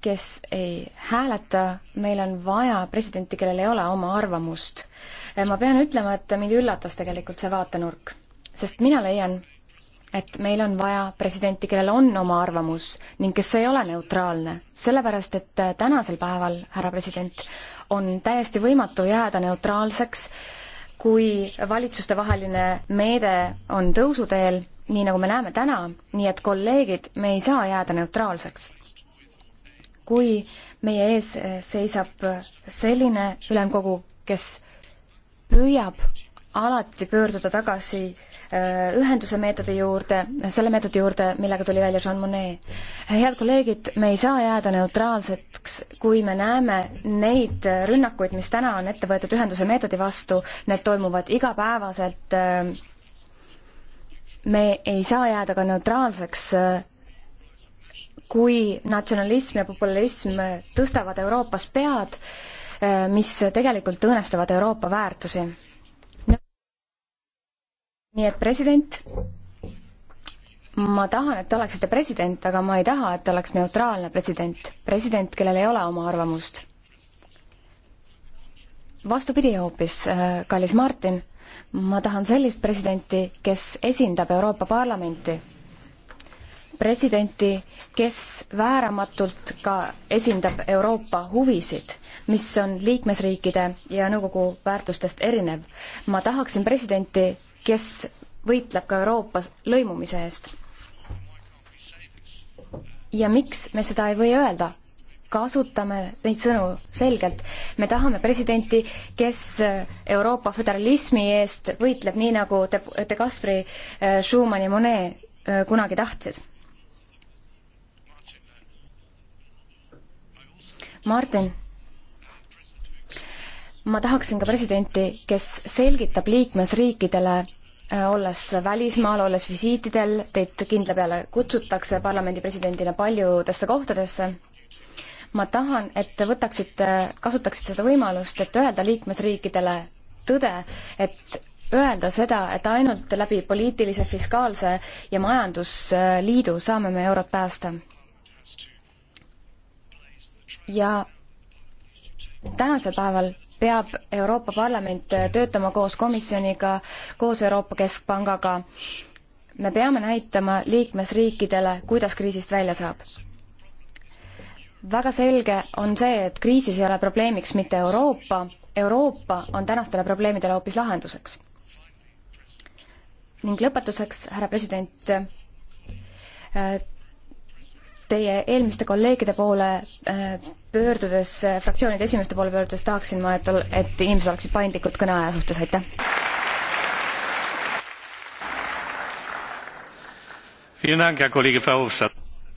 kes ei hääleta, meil on vaja presidenti, kellel ei ole oma arvamust. ma pean ütlema, et mind üllatas tegelikult see vaatenurk, sest mina leian, et meil on vaja presidenti, kellel on oma arvamus ning kes ei ole neutraalne, sellepärast et tänasel päeval, härra president, on täiesti võimatu jääda neutraalseks, kui valitsustevaheline meede on tõusuteel nii nagu me näeme täna, nii et kolleegid, me ei saa jääda neutraalseks. kui meie ees seisab selline ülemkogu, kes püüab alati pöörduda tagasi äh, ühenduse meetodi juurde, selle meetodi juurde, millega tuli välja Jean Monnet. head kolleegid, me ei saa jääda neutraalseks, kui me näeme neid rünnakuid, mis täna on ette võetud ühenduse meetodi vastu, need toimuvad igapäevaselt äh, me ei saa jääda ka neutraalseks, kui natsionalism ja populism tõstavad Euroopas pead, mis tegelikult õõnestavad Euroopa väärtusi. nii et president, ma tahan, et te oleksite president, aga ma ei taha, et oleks neutraalne president. president, kellel ei ole oma arvamust. vastupidi hoopis, kallis Martin ma tahan sellist presidenti, kes esindab Euroopa Parlamenti. presidenti, kes vääramatult ka esindab Euroopa huvisid, mis on liikmesriikide ja nõukogu väärtustest erinev. ma tahaksin presidenti, kes võitleb ka Euroopas lõimumise eest. ja miks me seda ei või öelda? kasutame neid sõnu selgelt. me tahame presidenti, kes eh, Euroopa föderalismi eest võitleb, nii nagu De, De Gasperi, eh, Schumann ja Monet eh, kunagi tahtsid. Martin, ma tahaksin ka presidenti, kes selgitab liikmesriikidele, olles välismaal, olles visiitidel, teid kindla peale kutsutakse parlamendi presidendina paljudesse kohtadesse ma tahan, et te võtaksite, kasutaksite seda võimalust, et öelda liikmesriikidele tõde, et öelda seda, et ainult läbi poliitilise, fiskaalse ja majandusliidu saame me eurot päästa. ja tänasel päeval peab Euroopa Parlament töötama koos komisjoniga, koos Euroopa Keskpangaga. me peame näitama liikmesriikidele, kuidas kriisist välja saab väga selge on see, et kriisis ei ole probleemiks mitte Euroopa, Euroopa on tänastele probleemidele hoopis lahenduseks. ning lõpetuseks, härra president, äh, teie eelmiste kolleegide poole äh, pöördudes, äh, fraktsioonide esimeeste poole pöördudes tahaksin ma, et, et inimesed oleksid paindlikud kõneaja suhtes, aitäh! Vielen Dank, Herr Kollege Verhofstadt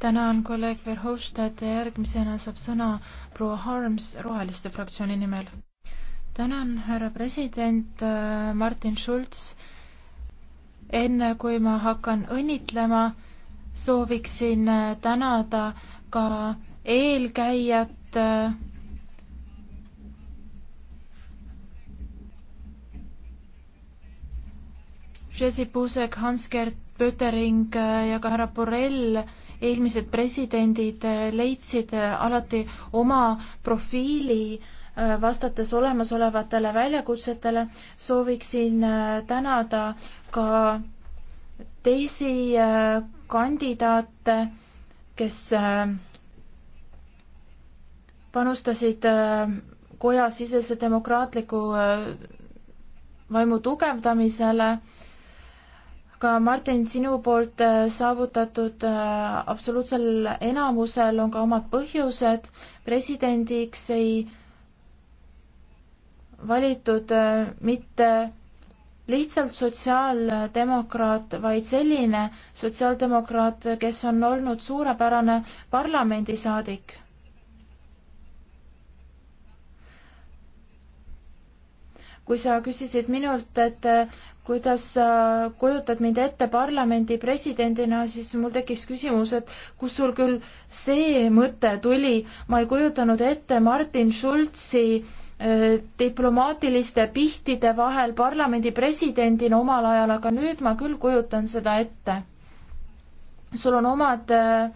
tänan kolleeg Verhofstadt ja järgmisena saab sõna proua Harms Roheliste fraktsiooni nimel. tänan, härra president äh, Martin Schulz. enne kui ma hakkan õnnitlema, sooviksin äh, tänada ka eelkäijat äh, Jesse Pusek, Hans-Gert Pöttering ja ka härra Borrell eelmised presidendid äh, leidsid äh, alati oma profiili äh, vastates olemasolevatele väljakutsetele, sooviksin tänada ka teisi kandidaate, kes panustasid koja sisese demokraatliku vaimu tugevdamisele ka Martin, sinu poolt äh, saavutatud äh, absoluutsel enamusel on ka omad põhjused. presidendiks ei valitud äh, mitte lihtsalt sotsiaaldemokraat, vaid selline sotsiaaldemokraat, kes on olnud suurepärane parlamendisaadik kui sa küsisid minult, et äh, kuidas sa kujutad mind ette parlamendi presidendina, siis mul tekkis küsimus, et kus sul küll see mõte tuli, ma ei kujutanud ette Martin Schulzi äh, diplomaatiliste pihtide vahel parlamendi presidendina omal ajal, aga nüüd ma küll kujutan seda ette. sul on omad äh,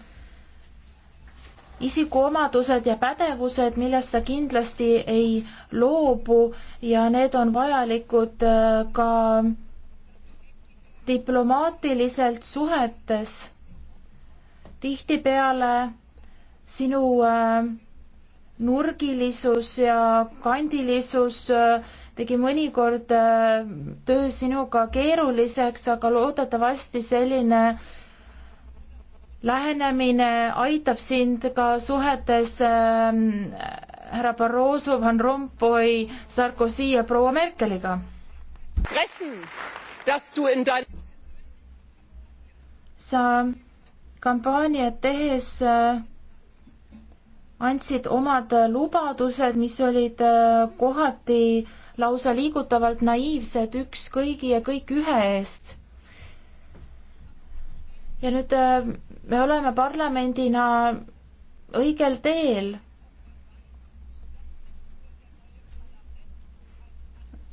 isikuomadused ja pädevused, millest sa kindlasti ei loobu ja need on vajalikud äh, ka diplomaatiliselt suhetes. tihtipeale sinu äh, nurgilisus ja kandilisus äh, tegi mõnikord töö sinuga keeruliseks, aga loodetavasti selline lähenemine aitab sind ka suhetes ähm, härra Barroso, Van Rompuy, Sarkozy ja proua Merkeliga. sa kampaaniat tehes äh, andsid omad lubadused, mis olid äh, kohati lausa liigutavalt naiivsed üks kõigi ja kõik ühe eest. ja nüüd äh, me oleme parlamendina õigel teel.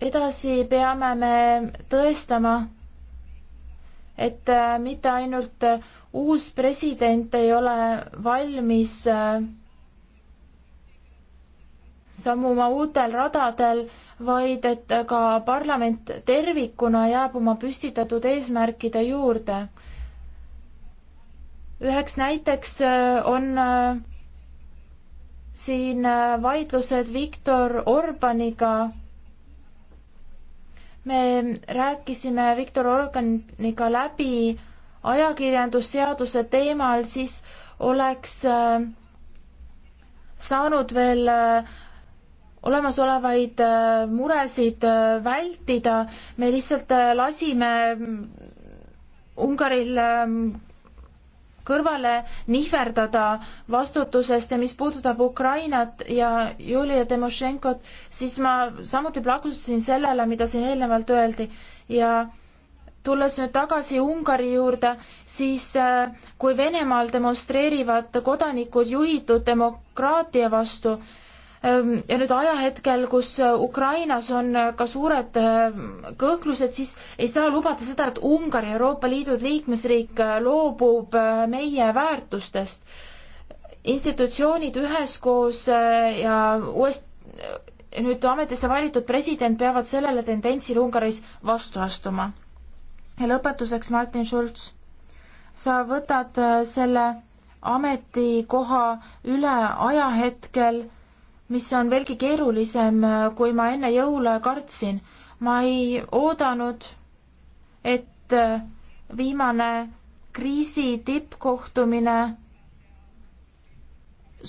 edasi peame me tõestama, et äh, mitte ainult äh, uus president ei ole valmis äh, sammuma uutel radadel, vaid et ka parlament tervikuna jääb oma püstitatud eesmärkide juurde üheks näiteks äh, on äh, siin äh, vaidlused Viktor Orbaniga. me rääkisime Viktor Orbaniga läbi ajakirjandusseaduse teemal, siis oleks saanud veel olemasolevaid muresid vältida, me lihtsalt lasime mm, Ungaril ähm, kõrvale nihverdada vastutusest ja mis puudutab Ukrainat ja Julia Timošenkot, siis ma samuti plaksusin sellele, mida siin eelnevalt öeldi ja tulles nüüd tagasi Ungari juurde, siis äh, kui Venemaal demonstreerivad kodanikud juhitud demokraatia vastu, Ehm, ja nüüd ajahetkel, kus äh, Ukrainas on äh, ka suured äh, kõhklused, siis ei saa lubada seda, et Ungari, Euroopa Liidu liikmesriik, loobub meie väärtustest. institutsioonid üheskoos ja uuest, nüüd ametisse valitud president peavad sellele tendentsile Ungaris vastu astuma. ja lõpetuseks, Martin Schulz, sa võtad selle ametikoha üle ajahetkel mis on veelgi keerulisem, kui ma enne jõule kartsin. ma ei oodanud, et äh, viimane kriisi tippkohtumine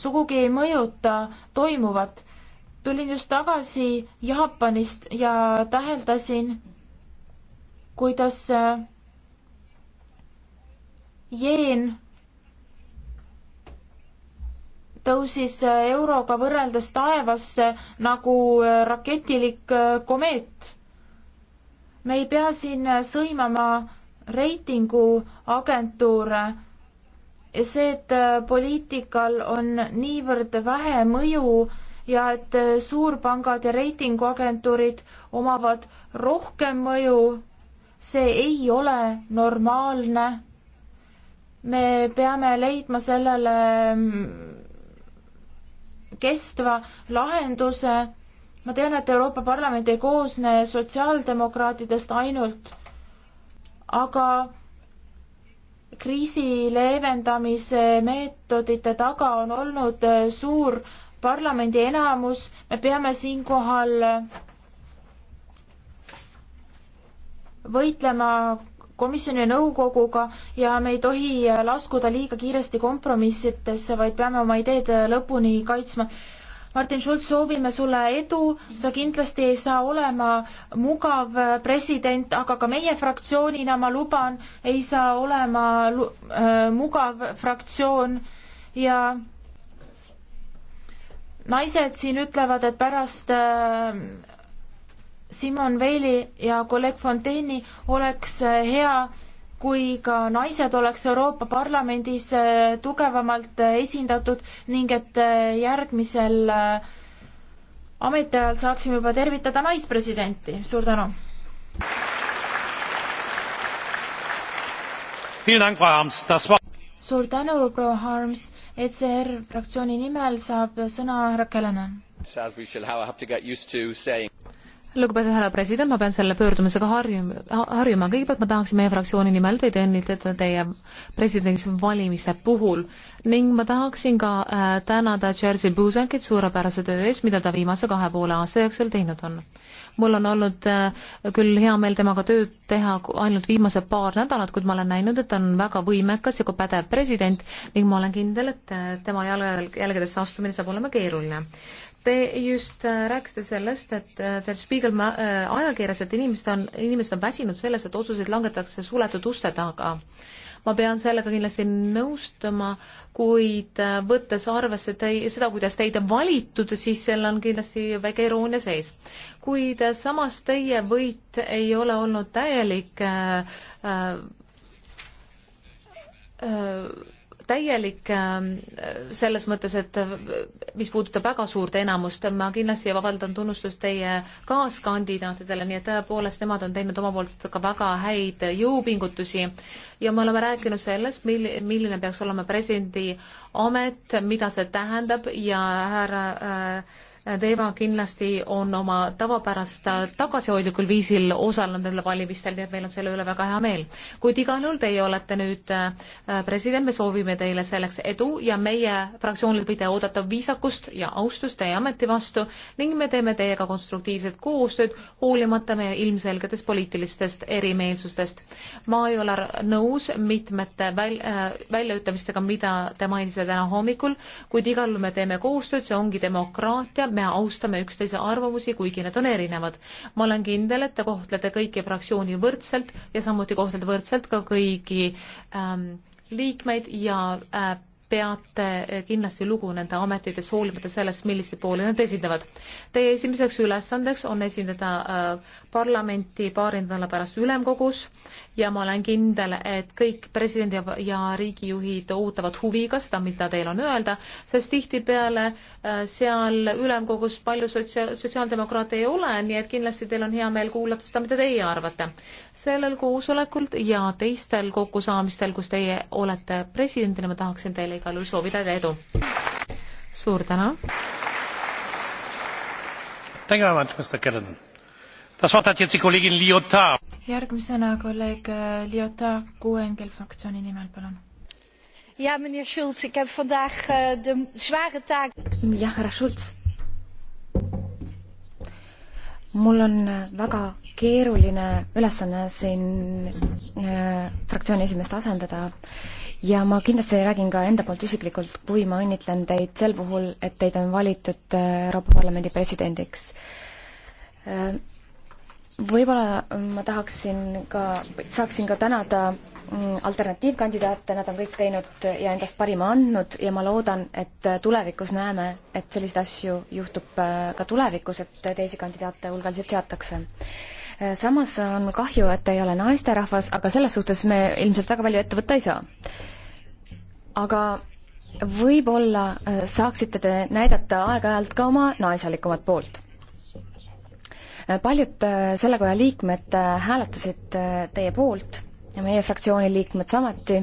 sugugi ei mõjuta toimuvat. tulin just tagasi Jaapanist ja täheldasin, kuidas äh, jeen tõusis euroga võrreldes taevasse nagu äh, raketilik äh, komeet. me ei pea siin äh, sõimama reitinguagentuure ja see, et poliitikal on niivõrd vähe mõju ja et suurpangad ja reitinguagentuurid omavad rohkem mõju, see ei ole normaalne. me peame leidma sellele mm, kestva lahenduse. ma tean, et Euroopa Parlament ei koosne sotsiaaldemokraatidest ainult, aga kriisi leevendamise meetodite taga on olnud äh, suur parlamendi enamus, me peame siinkohal võitlema komisjoni ja nõukoguga ja me ei tohi laskuda liiga kiiresti kompromissidesse, vaid peame oma ideed lõpuni kaitsma. Martin Schulz, soovime sulle edu, sa kindlasti ei saa olema mugav president, aga ka meie fraktsioonina, ma luban, ei saa olema äh, mugav fraktsioon ja naised siin ütlevad, et pärast äh, Simon Veili ja kolleeg Fontaine'i oleks äh, hea, kui ka naised oleks Euroopa Parlamendis äh, tugevamalt äh, esindatud ning et järgmisel ametiajal saaksime juba tervitada naispresidenti. suur tänu! suur tänu, proua Harms, ECR fraktsiooni nimel saab sõna härra Kelenen lugupeetud härra president, ma pean selle pöördumisega harjuma, harjuma. kõigepealt ma tahaksin meie fraktsiooni nimel teid õnnitleda teie presidendiks valimise puhul ning ma tahaksin ka äh, tänada Churchill Buzekit suurepärase töö eest, mida ta viimase kahe poole aasta jooksul teinud on. mul on olnud äh, küll hea meel temaga tööd teha ainult viimased paar nädalat, kuid ma olen näinud, et ta on väga võimekas ja ka pädev president ning ma olen kindel, et äh, tema jalg, jälgedesse astumine saab olema keeruline Te just äh, rääkisite sellest, et äh, Der Spiegel äh, ajakirjas, et inimesed on, inimesed on väsinud sellest, et otsuseid langetatakse suletud uste taga. ma pean sellega kindlasti nõustuma, kuid võttes arvesse tei-, seda, kuidas teid on valitud, siis seal on kindlasti väike iroonia sees. kuid samas teie võit ei ole olnud täielik äh, äh, äh täielik ähm, selles mõttes, et äh, mis puudutab väga suurt enamust, ma kindlasti avaldan tunnustust teie kaaskandidaatidele, nii et tõepoolest nemad on teinud oma poolt ka väga häid jõupingutusi ja me oleme rääkinud sellest, mil-, milline peaks olema presidendi amet, mida see tähendab ja härra äh, Deva äh, kindlasti on oma tavapärasest äh, tagasihoidlikul viisil osalenud nendel valimistel, nii et meil on selle üle väga hea meel. kuid igal juhul teie olete nüüd äh, president, me soovime teile selleks edu ja meie fraktsioonil võite oodata viisakust ja austust teie ameti vastu ning me teeme teiega konstruktiivset koostööd, hoolimata meie ilmselgetest poliitilistest erimeelsustest. ma ei ole nõus mitmete väl-, väljaütlemistega, mida te mainisite täna hommikul, kuid igal juhul me teeme koostööd, see ongi demokraatia, me austame üksteise arvamusi, kuigi need on erinevad. ma olen kindel, et te kohtlete kõiki fraktsiooni võrdselt ja samuti kohtlete võrdselt ka kõigi ähm, liikmeid ja äh, peate äh, kindlasti lugu nende ametites, hoolimata sellest, millise pooli nad esindavad. Teie esimeseks ülesandeks on esindada äh, parlamenti paari nädala pärast ülemkogus ja ma olen kindel, et kõik presidendid ja, ja riigijuhid ootavad huviga seda, mida teil on öelda, sest tihtipeale äh, seal ülemkogus palju sotsiaal, sotsiaaldemokraate ei ole, nii et kindlasti teil on hea meel kuulata seda, mida teie arvate. sellel koosolekul ja teistel kokkusaamistel, kus teie olete presidendina, ma tahaksin teile igal juhul soovida edu. suur tänu. Thank you very much, Mr Kellen järgmisena kolleeg äh, Lyotard QNGL fraktsiooni nimel, palun. Ja, meneer Schulz, ik heb vandaag uh, de zware taak. Ja, härra Schulz. mul on äh, väga keeruline ülesanne siin äh, fraktsiooni esimeest asendada ja ma kindlasti räägin ka enda poolt isiklikult, kui ma õnnitlen teid sel puhul, et teid on valitud äh, Euroopa Parlamendi presidendiks äh, võib-olla mm, ma tahaksin ka, saaksin ka tänada mm, alternatiivkandidaate, nad on kõik teinud ja endast parima andnud ja ma loodan, et tulevikus näeme, et selliseid asju juhtub äh, ka tulevikus, et teisi kandidaate hulgaliselt seatakse. Äh, samas on kahju, et ei ole naisterahvas, aga selles suhtes me ilmselt väga palju ette võtta ei saa. aga võib-olla äh, saaksite te näidata aeg-ajalt ka oma naiselikumad poolt paljud äh, selle koja liikmed äh, hääletasid äh, teie poolt ja meie fraktsiooni liikmed samuti.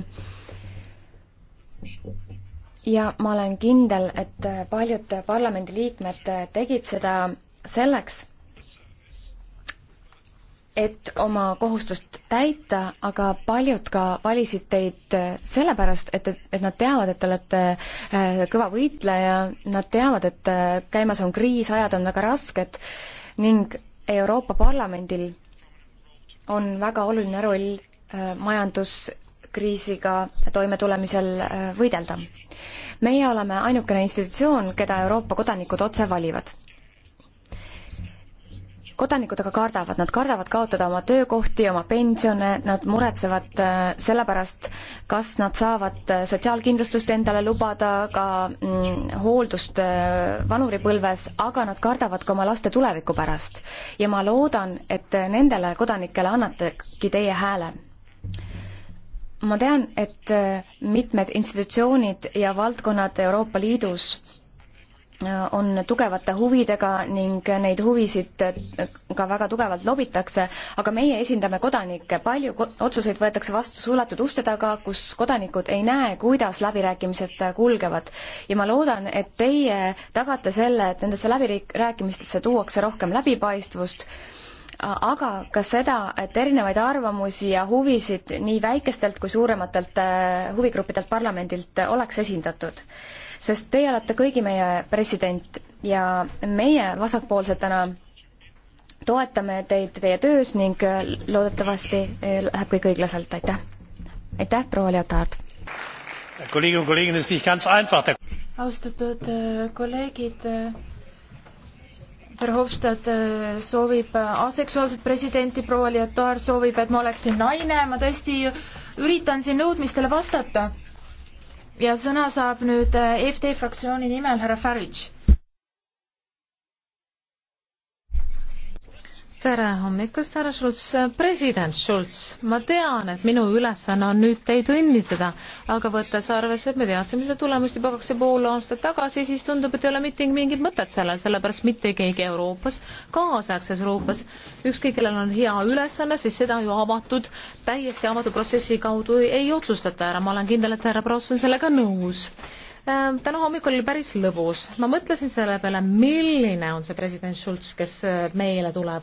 ja ma olen kindel, et paljud parlamendiliikmed tegid seda selleks, et oma kohustust täita, aga paljud ka valisid teid sellepärast, et, et nad teavad, et te olete kõva võitleja, nad teavad, et käimas on kriis, ajad on väga rasked ning Euroopa Parlamendil on väga oluline roll äh, majanduskriisiga toimetulemisel äh, võidelda. meie oleme ainukene institutsioon, keda Euroopa kodanikud otse valivad kodanikud aga kardavad, nad kardavad kaotada oma töökohti, oma pensione, nad muretsevad äh, selle pärast, kas nad saavad äh, sotsiaalkindlustust endale lubada, ka mm, hooldust äh, vanuripõlves, aga nad kardavad ka oma laste tuleviku pärast. ja ma loodan, et nendele kodanikele annategi teie hääle ma tean, et mitmed institutsioonid ja valdkonnad Euroopa Liidus on tugevate huvidega ning neid huvisid ka väga tugevalt lobitakse, aga meie esindame kodanikke, palju otsuseid võetakse vastu suletud uste taga, kus kodanikud ei näe, kuidas läbirääkimised kulgevad. ja ma loodan, et teie tagate selle, et nendesse läbirääkimistesse tuuakse rohkem läbipaistvust, aga ka seda, et erinevaid arvamusi ja huvisid nii väikestelt kui suurematelt eh, huvigruppidelt parlamendilt eh, oleks esindatud sest teie olete kõigi meie president ja meie vasakpoolsetena toetame teid teie töös ning loodetavasti eh, läheb kõik õiglaselt, aitäh. aitäh, proua Leotard. austatud eh, kolleegid, eh, Verhofstadt soovib aseksuaalset presidenti, proua Leotard soovib, et ma oleksin naine, ma tõesti üritan siin nõudmistele vastata ja sõna saab nüüd äh, EFT fraktsiooni nimel härra Farage tere hommikust, härra Schultz, president Schultz, ma tean, et minu ülesanne on nüüd teid õnnitleda, aga võttes arvesse, et me teadsime seda tulemust juba kaks ja pool aastat tagasi, siis tundub, et ei ole mitte mingit mõtet sellel, sellepärast mitte keegi Euroopas, kaasaegses Euroopas, ükskõik kellel on hea ülesanne, siis seda ju avatud, täiesti avatud protsessi kaudu ei, ei otsustata ära, ma olen kindel, et härra Pross on sellega nõus äh, täna hommikul oli päris lõbus. ma mõtlesin selle peale, milline on see president Schulz, kes äh, meile tuleb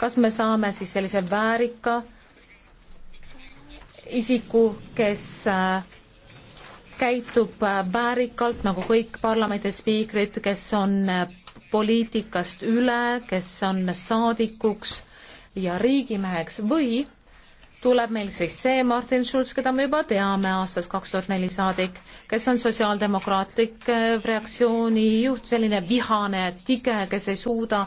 kas me saame siis sellise väärika isiku, kes äh, käitub äh, väärikalt nagu kõik parlamendi spiikrid, kes on äh, poliitikast üle, kes on saadikuks ja riigimeheks või tuleb meil siis see Martin Schulz, keda me juba teame aastast kaks tuhat neli saadik, kes on sotsiaaldemokraatlik äh, reaktsiooni juht, selline vihane tige, kes ei suuda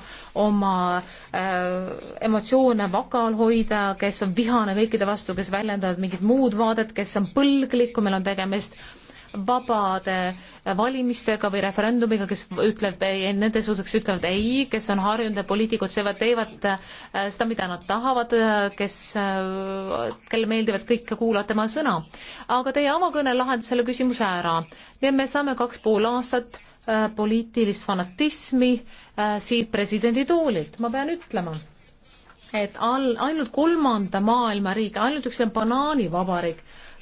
oma äh, emotsioone vakal hoida, kes on vihane kõikide vastu, kes väljendavad mingit muud vaadet, kes on põlglik, kui meil on tegemist äh, vabade valimistega või referendumiga, kes ütleb ei, nende suhtes ütlevad ei, kes on harjunud ja poliitikud seevad, teevad äh, seda, mida nad tahavad, äh, kes, äh, kellele meeldivad kõik kuulavad tema sõna. aga teie avakõne lahendas selle küsimuse ära. nii et me saame kaks pool aastat poliitilist fanatismi siit presidendi toolilt, ma pean ütlema et all, ainult kolmanda maailma riik, ainult üks banaanivabariik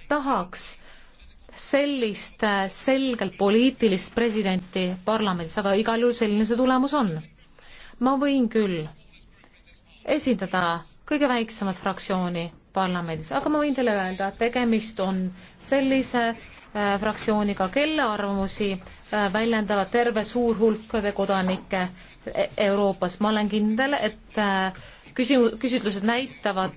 tahaks sellist äh, selgelt poliitilist presidenti parlamendis, aga igal juhul selline see tulemus on. ma võin küll esindada kõige väiksemat fraktsiooni parlamendis, aga ma võin teile öelda, et tegemist on sellise äh, fraktsiooniga, kelle arvamusi äh, väljendavad terve suur hulkade kodanikke e, Euroopas. ma olen kindel, et küsimus, küsitlused näitavad,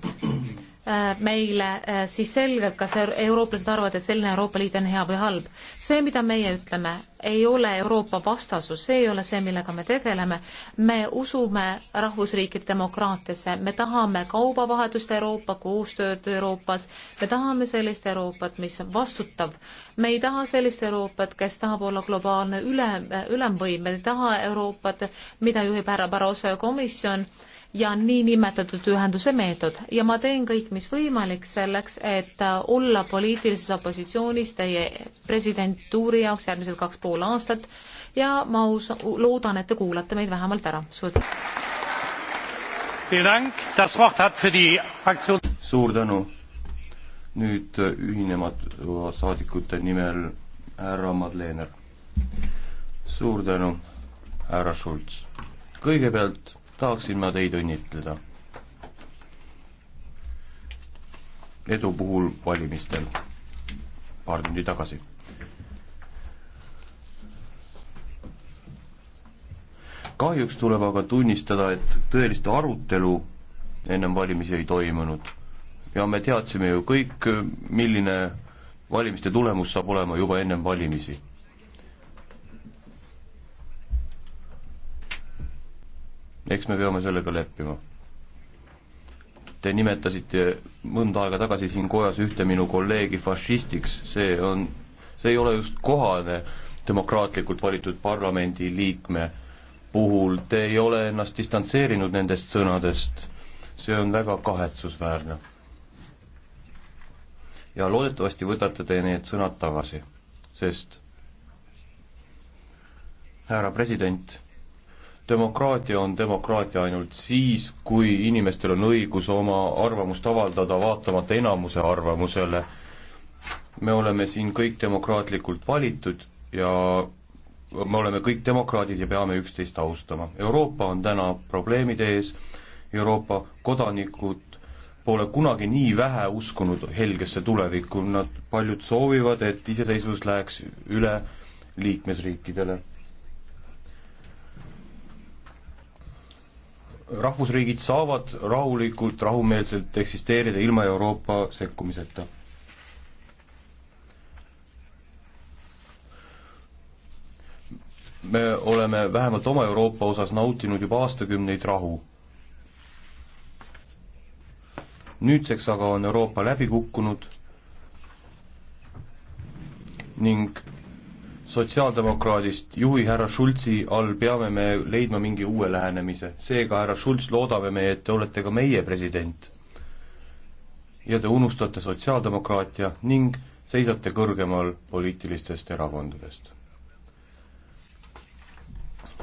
Äh, meile äh, siis selgelt, kas eurooplased arvavad, et selline Euroopa Liit on hea või halb. see, mida meie ütleme, ei ole Euroopa vastasus, see ei ole see, millega me tegeleme. me usume rahvusriikide demokraatiasse, me tahame kaubavahetust Euroopa, koostööd Euroopas, me tahame sellist Euroopat, mis on vastutav. me ei taha sellist Euroopat, kes tahab olla globaalne üle, ülemvõim, me ei taha Euroopat, mida juhib härra Barroso ja komisjon ja niinimetatud ühenduse meetod ja ma teen kõik, mis võimalik selleks, et olla poliitilises opositsioonis teie presidentuuri jaoks järgmised kaks pool aastat ja ma us-, loodan, et te kuulate meid vähemalt ära. suur tänu! suur tänu! nüüd ühinemata saadikute nimel härra Madlener. suur tänu, härra Schulz. kõigepealt tahaksin ma teid õnnitleda edu puhul valimistel paar tundi tagasi. kahjuks tuleb aga tunnistada, et tõelist arutelu ennem valimisi ei toimunud ja me teadsime ju kõik, milline valimiste tulemus saab olema juba ennem valimisi eks me peame sellega leppima. Te nimetasite mõnda aega tagasi siin kojas ühte minu kolleegi fašistiks, see on, see ei ole just kohane demokraatlikult valitud parlamendiliikme puhul, te ei ole ennast distantseerinud nendest sõnadest, see on väga kahetsusväärne. ja loodetavasti võtate te need sõnad tagasi, sest härra president demokraatia on demokraatia ainult siis, kui inimestel on õigus oma arvamust avaldada, vaatamata enamuse arvamusele. me oleme siin kõik demokraatlikult valitud ja me oleme kõik demokraadid ja peame üksteist austama. Euroopa on täna probleemide ees, Euroopa kodanikud pole kunagi nii vähe uskunud helgesse tulevikku, nad paljud soovivad, et iseseisvus läheks üle liikmesriikidele rahvusriigid saavad rahulikult, rahumeelselt eksisteerida ilma Euroopa sekkumiseta. me oleme vähemalt oma Euroopa osas nautinud juba aastakümneid rahu. nüüdseks aga on Euroopa läbi kukkunud ning sotsiaaldemokraadist juhi härra Schulzi all peame me leidma mingi uue lähenemise. seega, härra Schulz, loodame me, et te olete ka meie president. ja te unustate sotsiaaldemokraatia ning seisate kõrgemal poliitilistest erakondadest.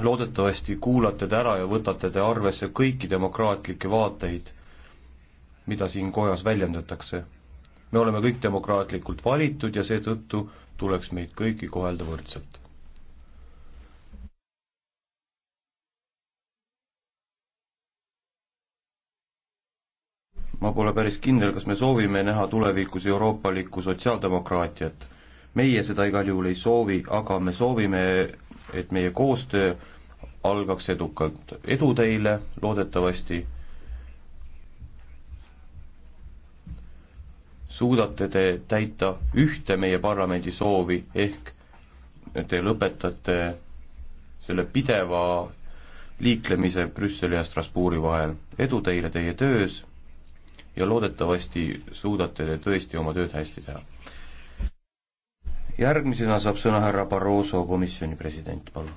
loodetavasti kuulate te ära ja võtate te arvesse kõiki demokraatlikke vaateid, mida siin kojas väljendatakse. me oleme kõik demokraatlikult valitud ja seetõttu tuleks meid kõiki kohelda võrdselt. ma pole päris kindel, kas me soovime näha tulevikus euroopalikku sotsiaaldemokraatiat. meie seda igal juhul ei soovi, aga me soovime, et meie koostöö algaks edukalt. edu teile, loodetavasti suudate te täita ühte meie parlamendi soovi, ehk te lõpetate selle pideva liiklemise Brüsseli ja Strasbourgi vahel. edu teile teie töös ja loodetavasti suudate te tõesti oma tööd hästi teha. järgmisena saab sõna härra Barroso, komisjoni president, palun.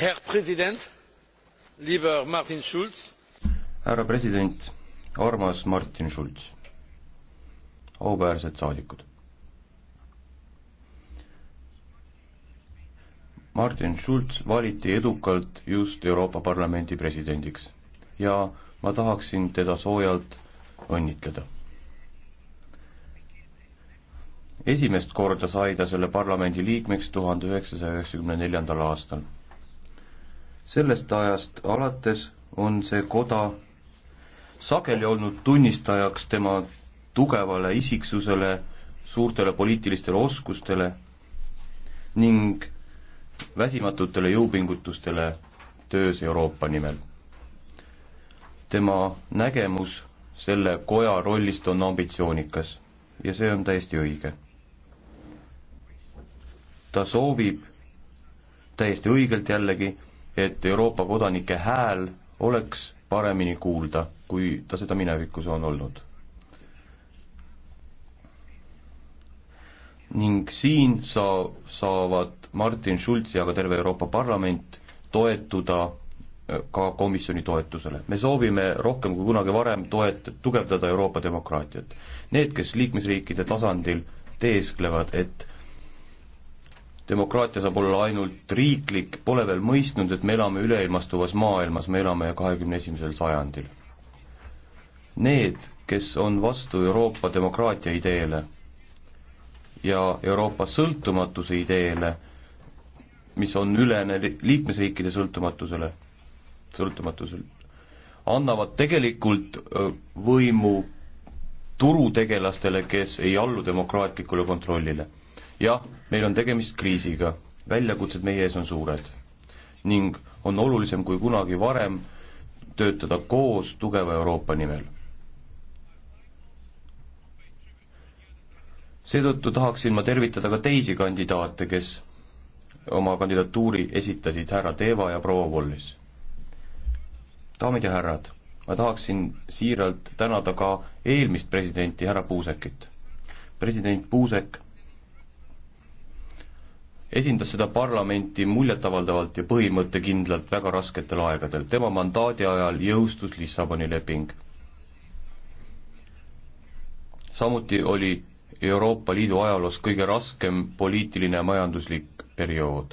Herr president, lieber Martin Schulz härra president, armas Martin Schulz, auväärsed saadikud. Martin Schulz valiti edukalt just Euroopa Parlamendi presidendiks ja ma tahaksin teda soojalt õnnitleda. esimest korda sai ta selle parlamendi liikmeks tuhande üheksasaja üheksakümne neljandal aastal. sellest ajast alates on see koda sageli olnud tunnistajaks tema tugevale isiksusele, suurtele poliitilistele oskustele ning väsimatutele jõupingutustele töös Euroopa nimel. tema nägemus selle koja rollist on ambitsioonikas ja see on täiesti õige. ta soovib täiesti õigelt jällegi, et Euroopa kodanike hääl oleks paremini kuulda, kui ta seda minevikus on olnud. ning siin saa-, saavad Martin Schulz ja ka terve Euroopa Parlament toetuda äh, ka komisjoni toetusele. me soovime rohkem kui kunagi varem toet-, tugevdada Euroopa demokraatiat. Need, kes liikmesriikide tasandil teesklevad, et demokraatia saab olla ainult riiklik, pole veel mõistnud, et me elame üleilmastuvas maailmas, me elame kahekümne esimesel sajandil. Need, kes on vastu Euroopa demokraatia ideele ja Euroopa sõltumatuse ideele, mis on ülene liikmesriikide sõltumatusele, sõltumatusel, annavad tegelikult võimu turutegelastele, kes ei allu demokraatlikule kontrollile jah, meil on tegemist kriisiga, väljakutsed meie ees on suured ning on olulisem kui kunagi varem töötada koos tugeva Euroopa nimel. seetõttu tahaksin ma tervitada ka teisi kandidaate, kes oma kandidatuuri esitasid, härra Teeva ja proua Wallis. daamid ja härrad, ma tahaksin siiralt tänada ka eelmist presidenti, härra Puusekit. president Puusek esindas seda parlamenti muljetavaldavalt ja põhimõttekindlalt väga rasketel aegadel. tema mandaadi ajal jõustus Lissaboni leping. samuti oli Euroopa Liidu ajaloos kõige raskem poliitiline ja majanduslik periood.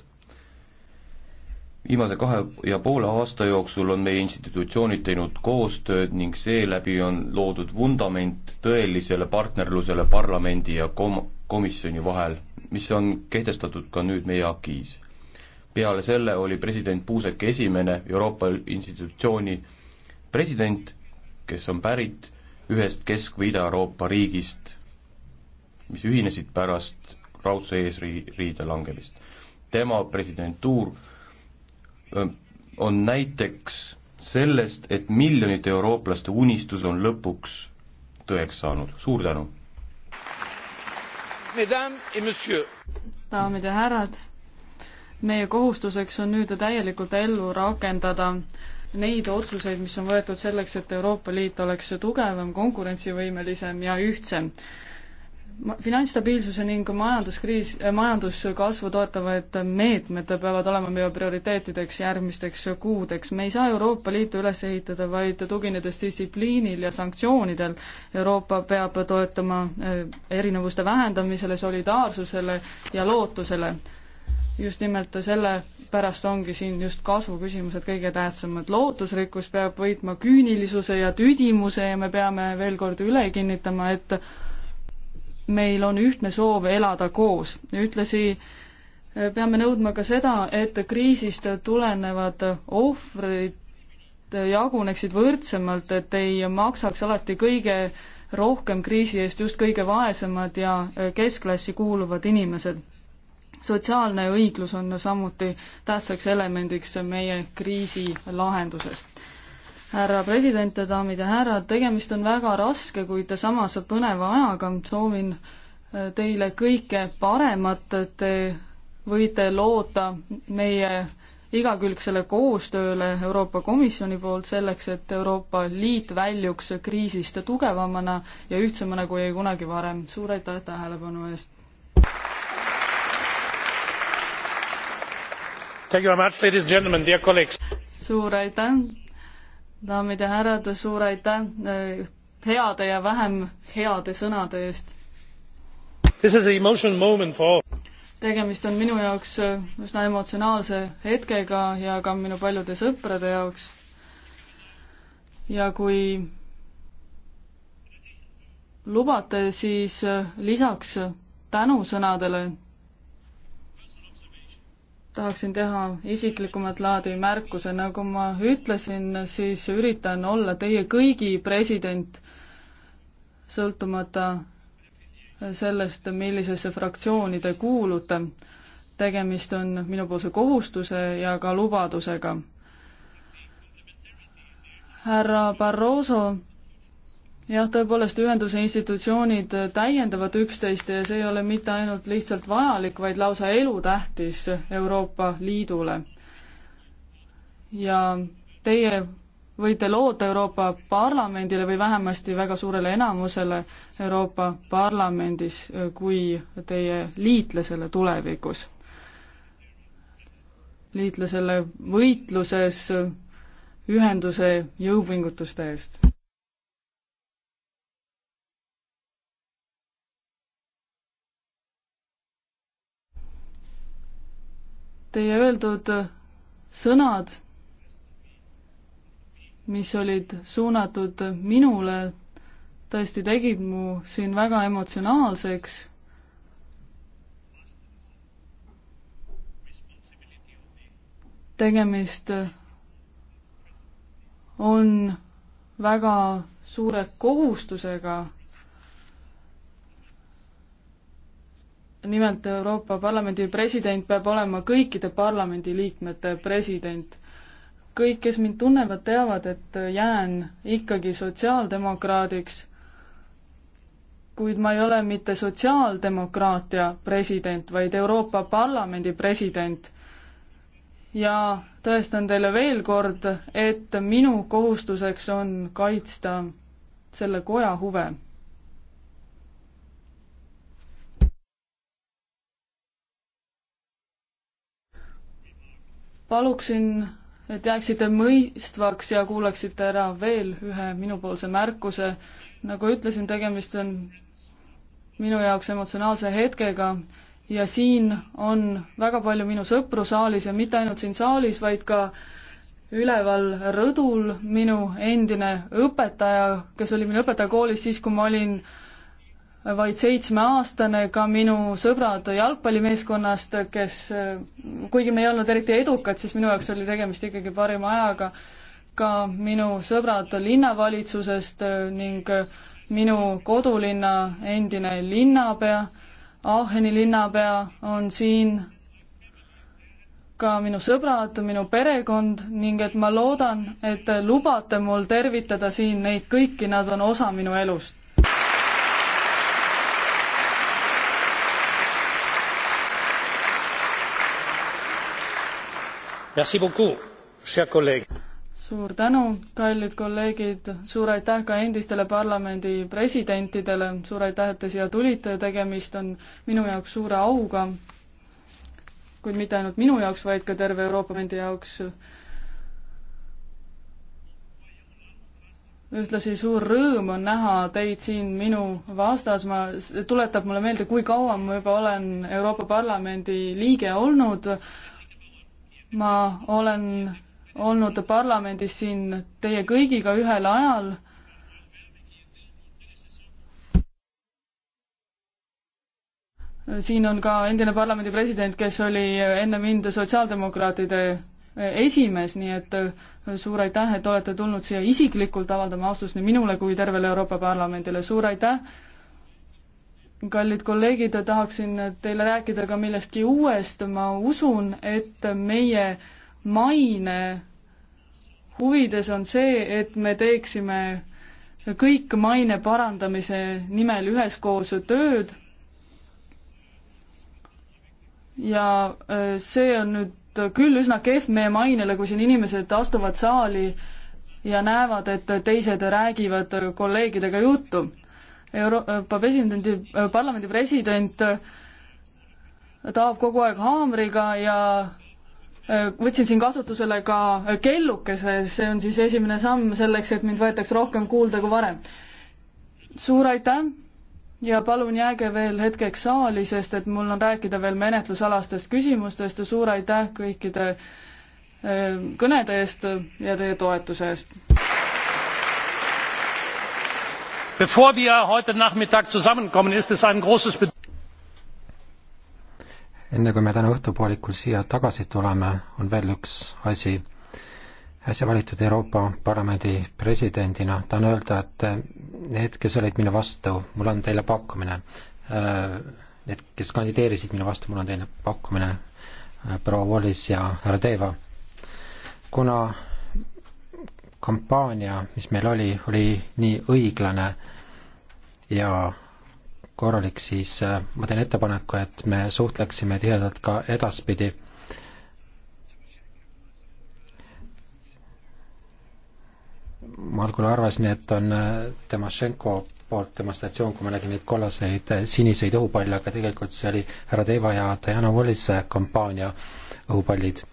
viimase kahe ja poole aasta jooksul on meie institutsioonid teinud koostööd ning seeläbi on loodud vundament tõelisele partnerlusele parlamendi ja kom-, komisjoni vahel mis on kehtestatud ka nüüd meie AK-is. peale selle oli president Puusek esimene Euroopa institutsiooni president, kes on pärit ühest Kesk- või Ida-Euroopa riigist, mis ühinesid pärast raudse eesriide langemist. tema presidentuur on näiteks sellest, et miljonite eurooplaste unistus on lõpuks tõeks saanud, suur tänu! daamid ja härrad, meie kohustuseks on nüüd täielikult ellu rakendada neid otsuseid, mis on võetud selleks, et Euroopa Liit oleks tugevam, konkurentsivõimelisem ja ühtsem finantsstabiilsuse ning majanduskriis, äh, majanduskasvu toetavad meetmed peavad olema meie prioriteetideks järgmisteks kuudeks. me ei saa Euroopa Liitu üles ehitada vaid tuginedes distsipliinil ja sanktsioonidel. Euroopa peab toetama äh, erinevuste vähendamisele, solidaarsusele ja lootusele. just nimelt sellepärast ongi siin just kasvuküsimused kõige tähtsamad. lootusrikkus peab võitma küünilisuse ja tüdimuse ja me peame veel kord üle kinnitama, et meil on ühtne soov elada koos. ühtlasi eh, peame nõudma ka seda, et kriisist tulenevad ohvrid jaguneksid võrdsemalt, et ei maksaks alati kõige rohkem kriisi eest just kõige vaesemad ja eh, keskklassi kuuluvad inimesed. sotsiaalne õiglus on samuti tähtsaks elemendiks meie kriisi lahenduses härra president ja daamid ja härrad, tegemist on väga raske, kuid samas põneva ajaga, soovin äh, teile kõike paremat, te võite loota meie igakülgsele koostööle Euroopa Komisjoni poolt selleks, et Euroopa Liit väljuks kriisist tugevamana ja ühtsemana kui kunagi varem. suur aitäh tähelepanu eest! suur aitäh! daamid ja härrad, suur aitäh äh, heade ja vähem heade sõnade eest. tegemist on minu jaoks äh, üsna emotsionaalse hetkega ja ka minu paljude sõprade jaoks. ja kui lubate, siis äh, lisaks tänusõnadele tahaksin teha isiklikumat laadi märkuse, nagu ma ütlesin, siis üritan olla teie kõigi president, sõltumata sellest, millisesse fraktsiooni te kuulute. tegemist on minupoolse kohustuse ja ka lubadusega. härra Barroso jah, tõepoolest, ühenduse institutsioonid äh, täiendavad üksteist ja see ei ole mitte ainult lihtsalt vajalik, vaid lausa elutähtis Euroopa Liidule. ja teie võite loota Euroopa Parlamendile või vähemasti väga suurele enamusele Euroopa Parlamendis äh, kui teie liitlasele tulevikus. liitlasele võitluses äh, ühenduse jõupingutuste eest teie öeldud sõnad, mis olid suunatud minule, tõesti tegid mu siin väga emotsionaalseks. tegemist on väga suure kohustusega nimelt Euroopa Parlamendi president peab olema kõikide parlamendiliikmete president. kõik, kes mind tunnevad, teavad, et jään ikkagi sotsiaaldemokraadiks, kuid ma ei ole mitte sotsiaaldemokraatia president, vaid Euroopa Parlamendi president. ja tõestan teile veel kord, et minu kohustuseks on kaitsta selle koja huve paluksin, et jääksite mõistvaks ja kuulaksite ära veel ühe minupoolse märkuse. nagu ütlesin, tegemist on minu jaoks emotsionaalse hetkega ja siin on väga palju minu sõpru saalis ja mitte ainult siin saalis, vaid ka üleval rõdul minu endine õpetaja, kes oli minu õpetaja koolis siis, kui ma olin äh, vaid seitsmeaastane, ka minu sõbrad jalgpallimeeskonnast, kes, kuigi me ei olnud eriti edukad, siis minu jaoks oli tegemist ikkagi parima ajaga, ka minu sõbrad linnavalitsusest ning minu kodulinna endine linnapea, Aacheni linnapea on siin, ka minu sõbrad, minu perekond ning et ma loodan, et lubate mul tervitada siin neid kõiki, nad on osa minu elust suur tänu, kallid kolleegid, suur aitäh ka endistele parlamendi presidentidele, suur aitäh, et te siia tulite, tegemist on minu jaoks suure auga, kuid mitte ainult minu jaoks, vaid ka terve Euroopa Parlamendi jaoks ühtlasi suur rõõm on näha teid siin minu vastas, ma, tuletab mulle meelde, kui kaua ma juba olen Euroopa Parlamendi liige olnud, ma olen olnud parlamendis siin teie kõigiga ühel ajal. siin on ka endine parlamendi president, kes oli enne mind sotsiaaldemokraatide esimees, nii et suur aitäh, et olete tulnud siia isiklikult avaldama austust nii minule kui tervele Euroopa Parlamendile, suur aitäh kallid kolleegid, tahaksin teile rääkida ka millestki uuest, ma usun, et meie maine huvides on see, et me teeksime kõik maine parandamise nimel üheskoos tööd. ja äh, see on nüüd küll üsna kehv meie mainele, kui siin inimesed astuvad saali ja näevad, et teised räägivad kolleegidega juttu Euroopa äh, presidendi, äh, parlamendi president äh, taob kogu aeg haamriga ja võtsin siin kasutusele ka kellukese, see on siis esimene samm selleks, et mind võetaks rohkem kuulda kui varem. suur aitäh ja palun jääge veel hetkeks saali, sest et mul on rääkida veel menetlusalastest küsimustest ja suur aitäh kõikide kõnede eest ja teie toetuse eest! bevor wir heute nachmittag zusammenkommen ist es ein großes enne kui me täna õhtupoolikul siia tagasi tuleme, on veel üks asi. äsja valitud Euroopa Parlamendi presidendina tahan öelda, et eh, need, kes olid minu vastu, mul on teile pakkumine. Eh, need, kes kandideerisid minu vastu, mul on teile pakkumine, eh, proua Wallis ja härra Teeva. kuna kampaania, mis meil oli, oli nii õiglane ja korralik, siis äh, ma teen ettepaneku, et me suhtleksime tihedalt ka edaspidi. ma algul arvasin, et on äh, Temašenko poolt demonstratsioon, kui ma nägin neid kollaseid äh, siniseid õhupalle, aga tegelikult see oli härra Deva ja Diana Wallise kampaania õhupallid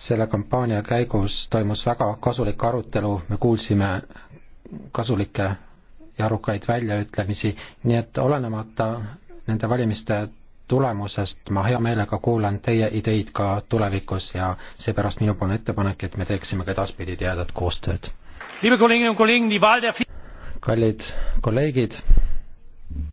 selle kampaania käigus toimus väga kasulik arutelu, me kuulsime kasulikke ja arukaid väljaütlemisi, nii et olenemata nende valimiste tulemusest ma hea meelega kuulan teie ideid ka tulevikus ja seepärast minupoolne ettepanek, et me teeksime ka edaspidi tihedat koostööd. kallid kolleegid,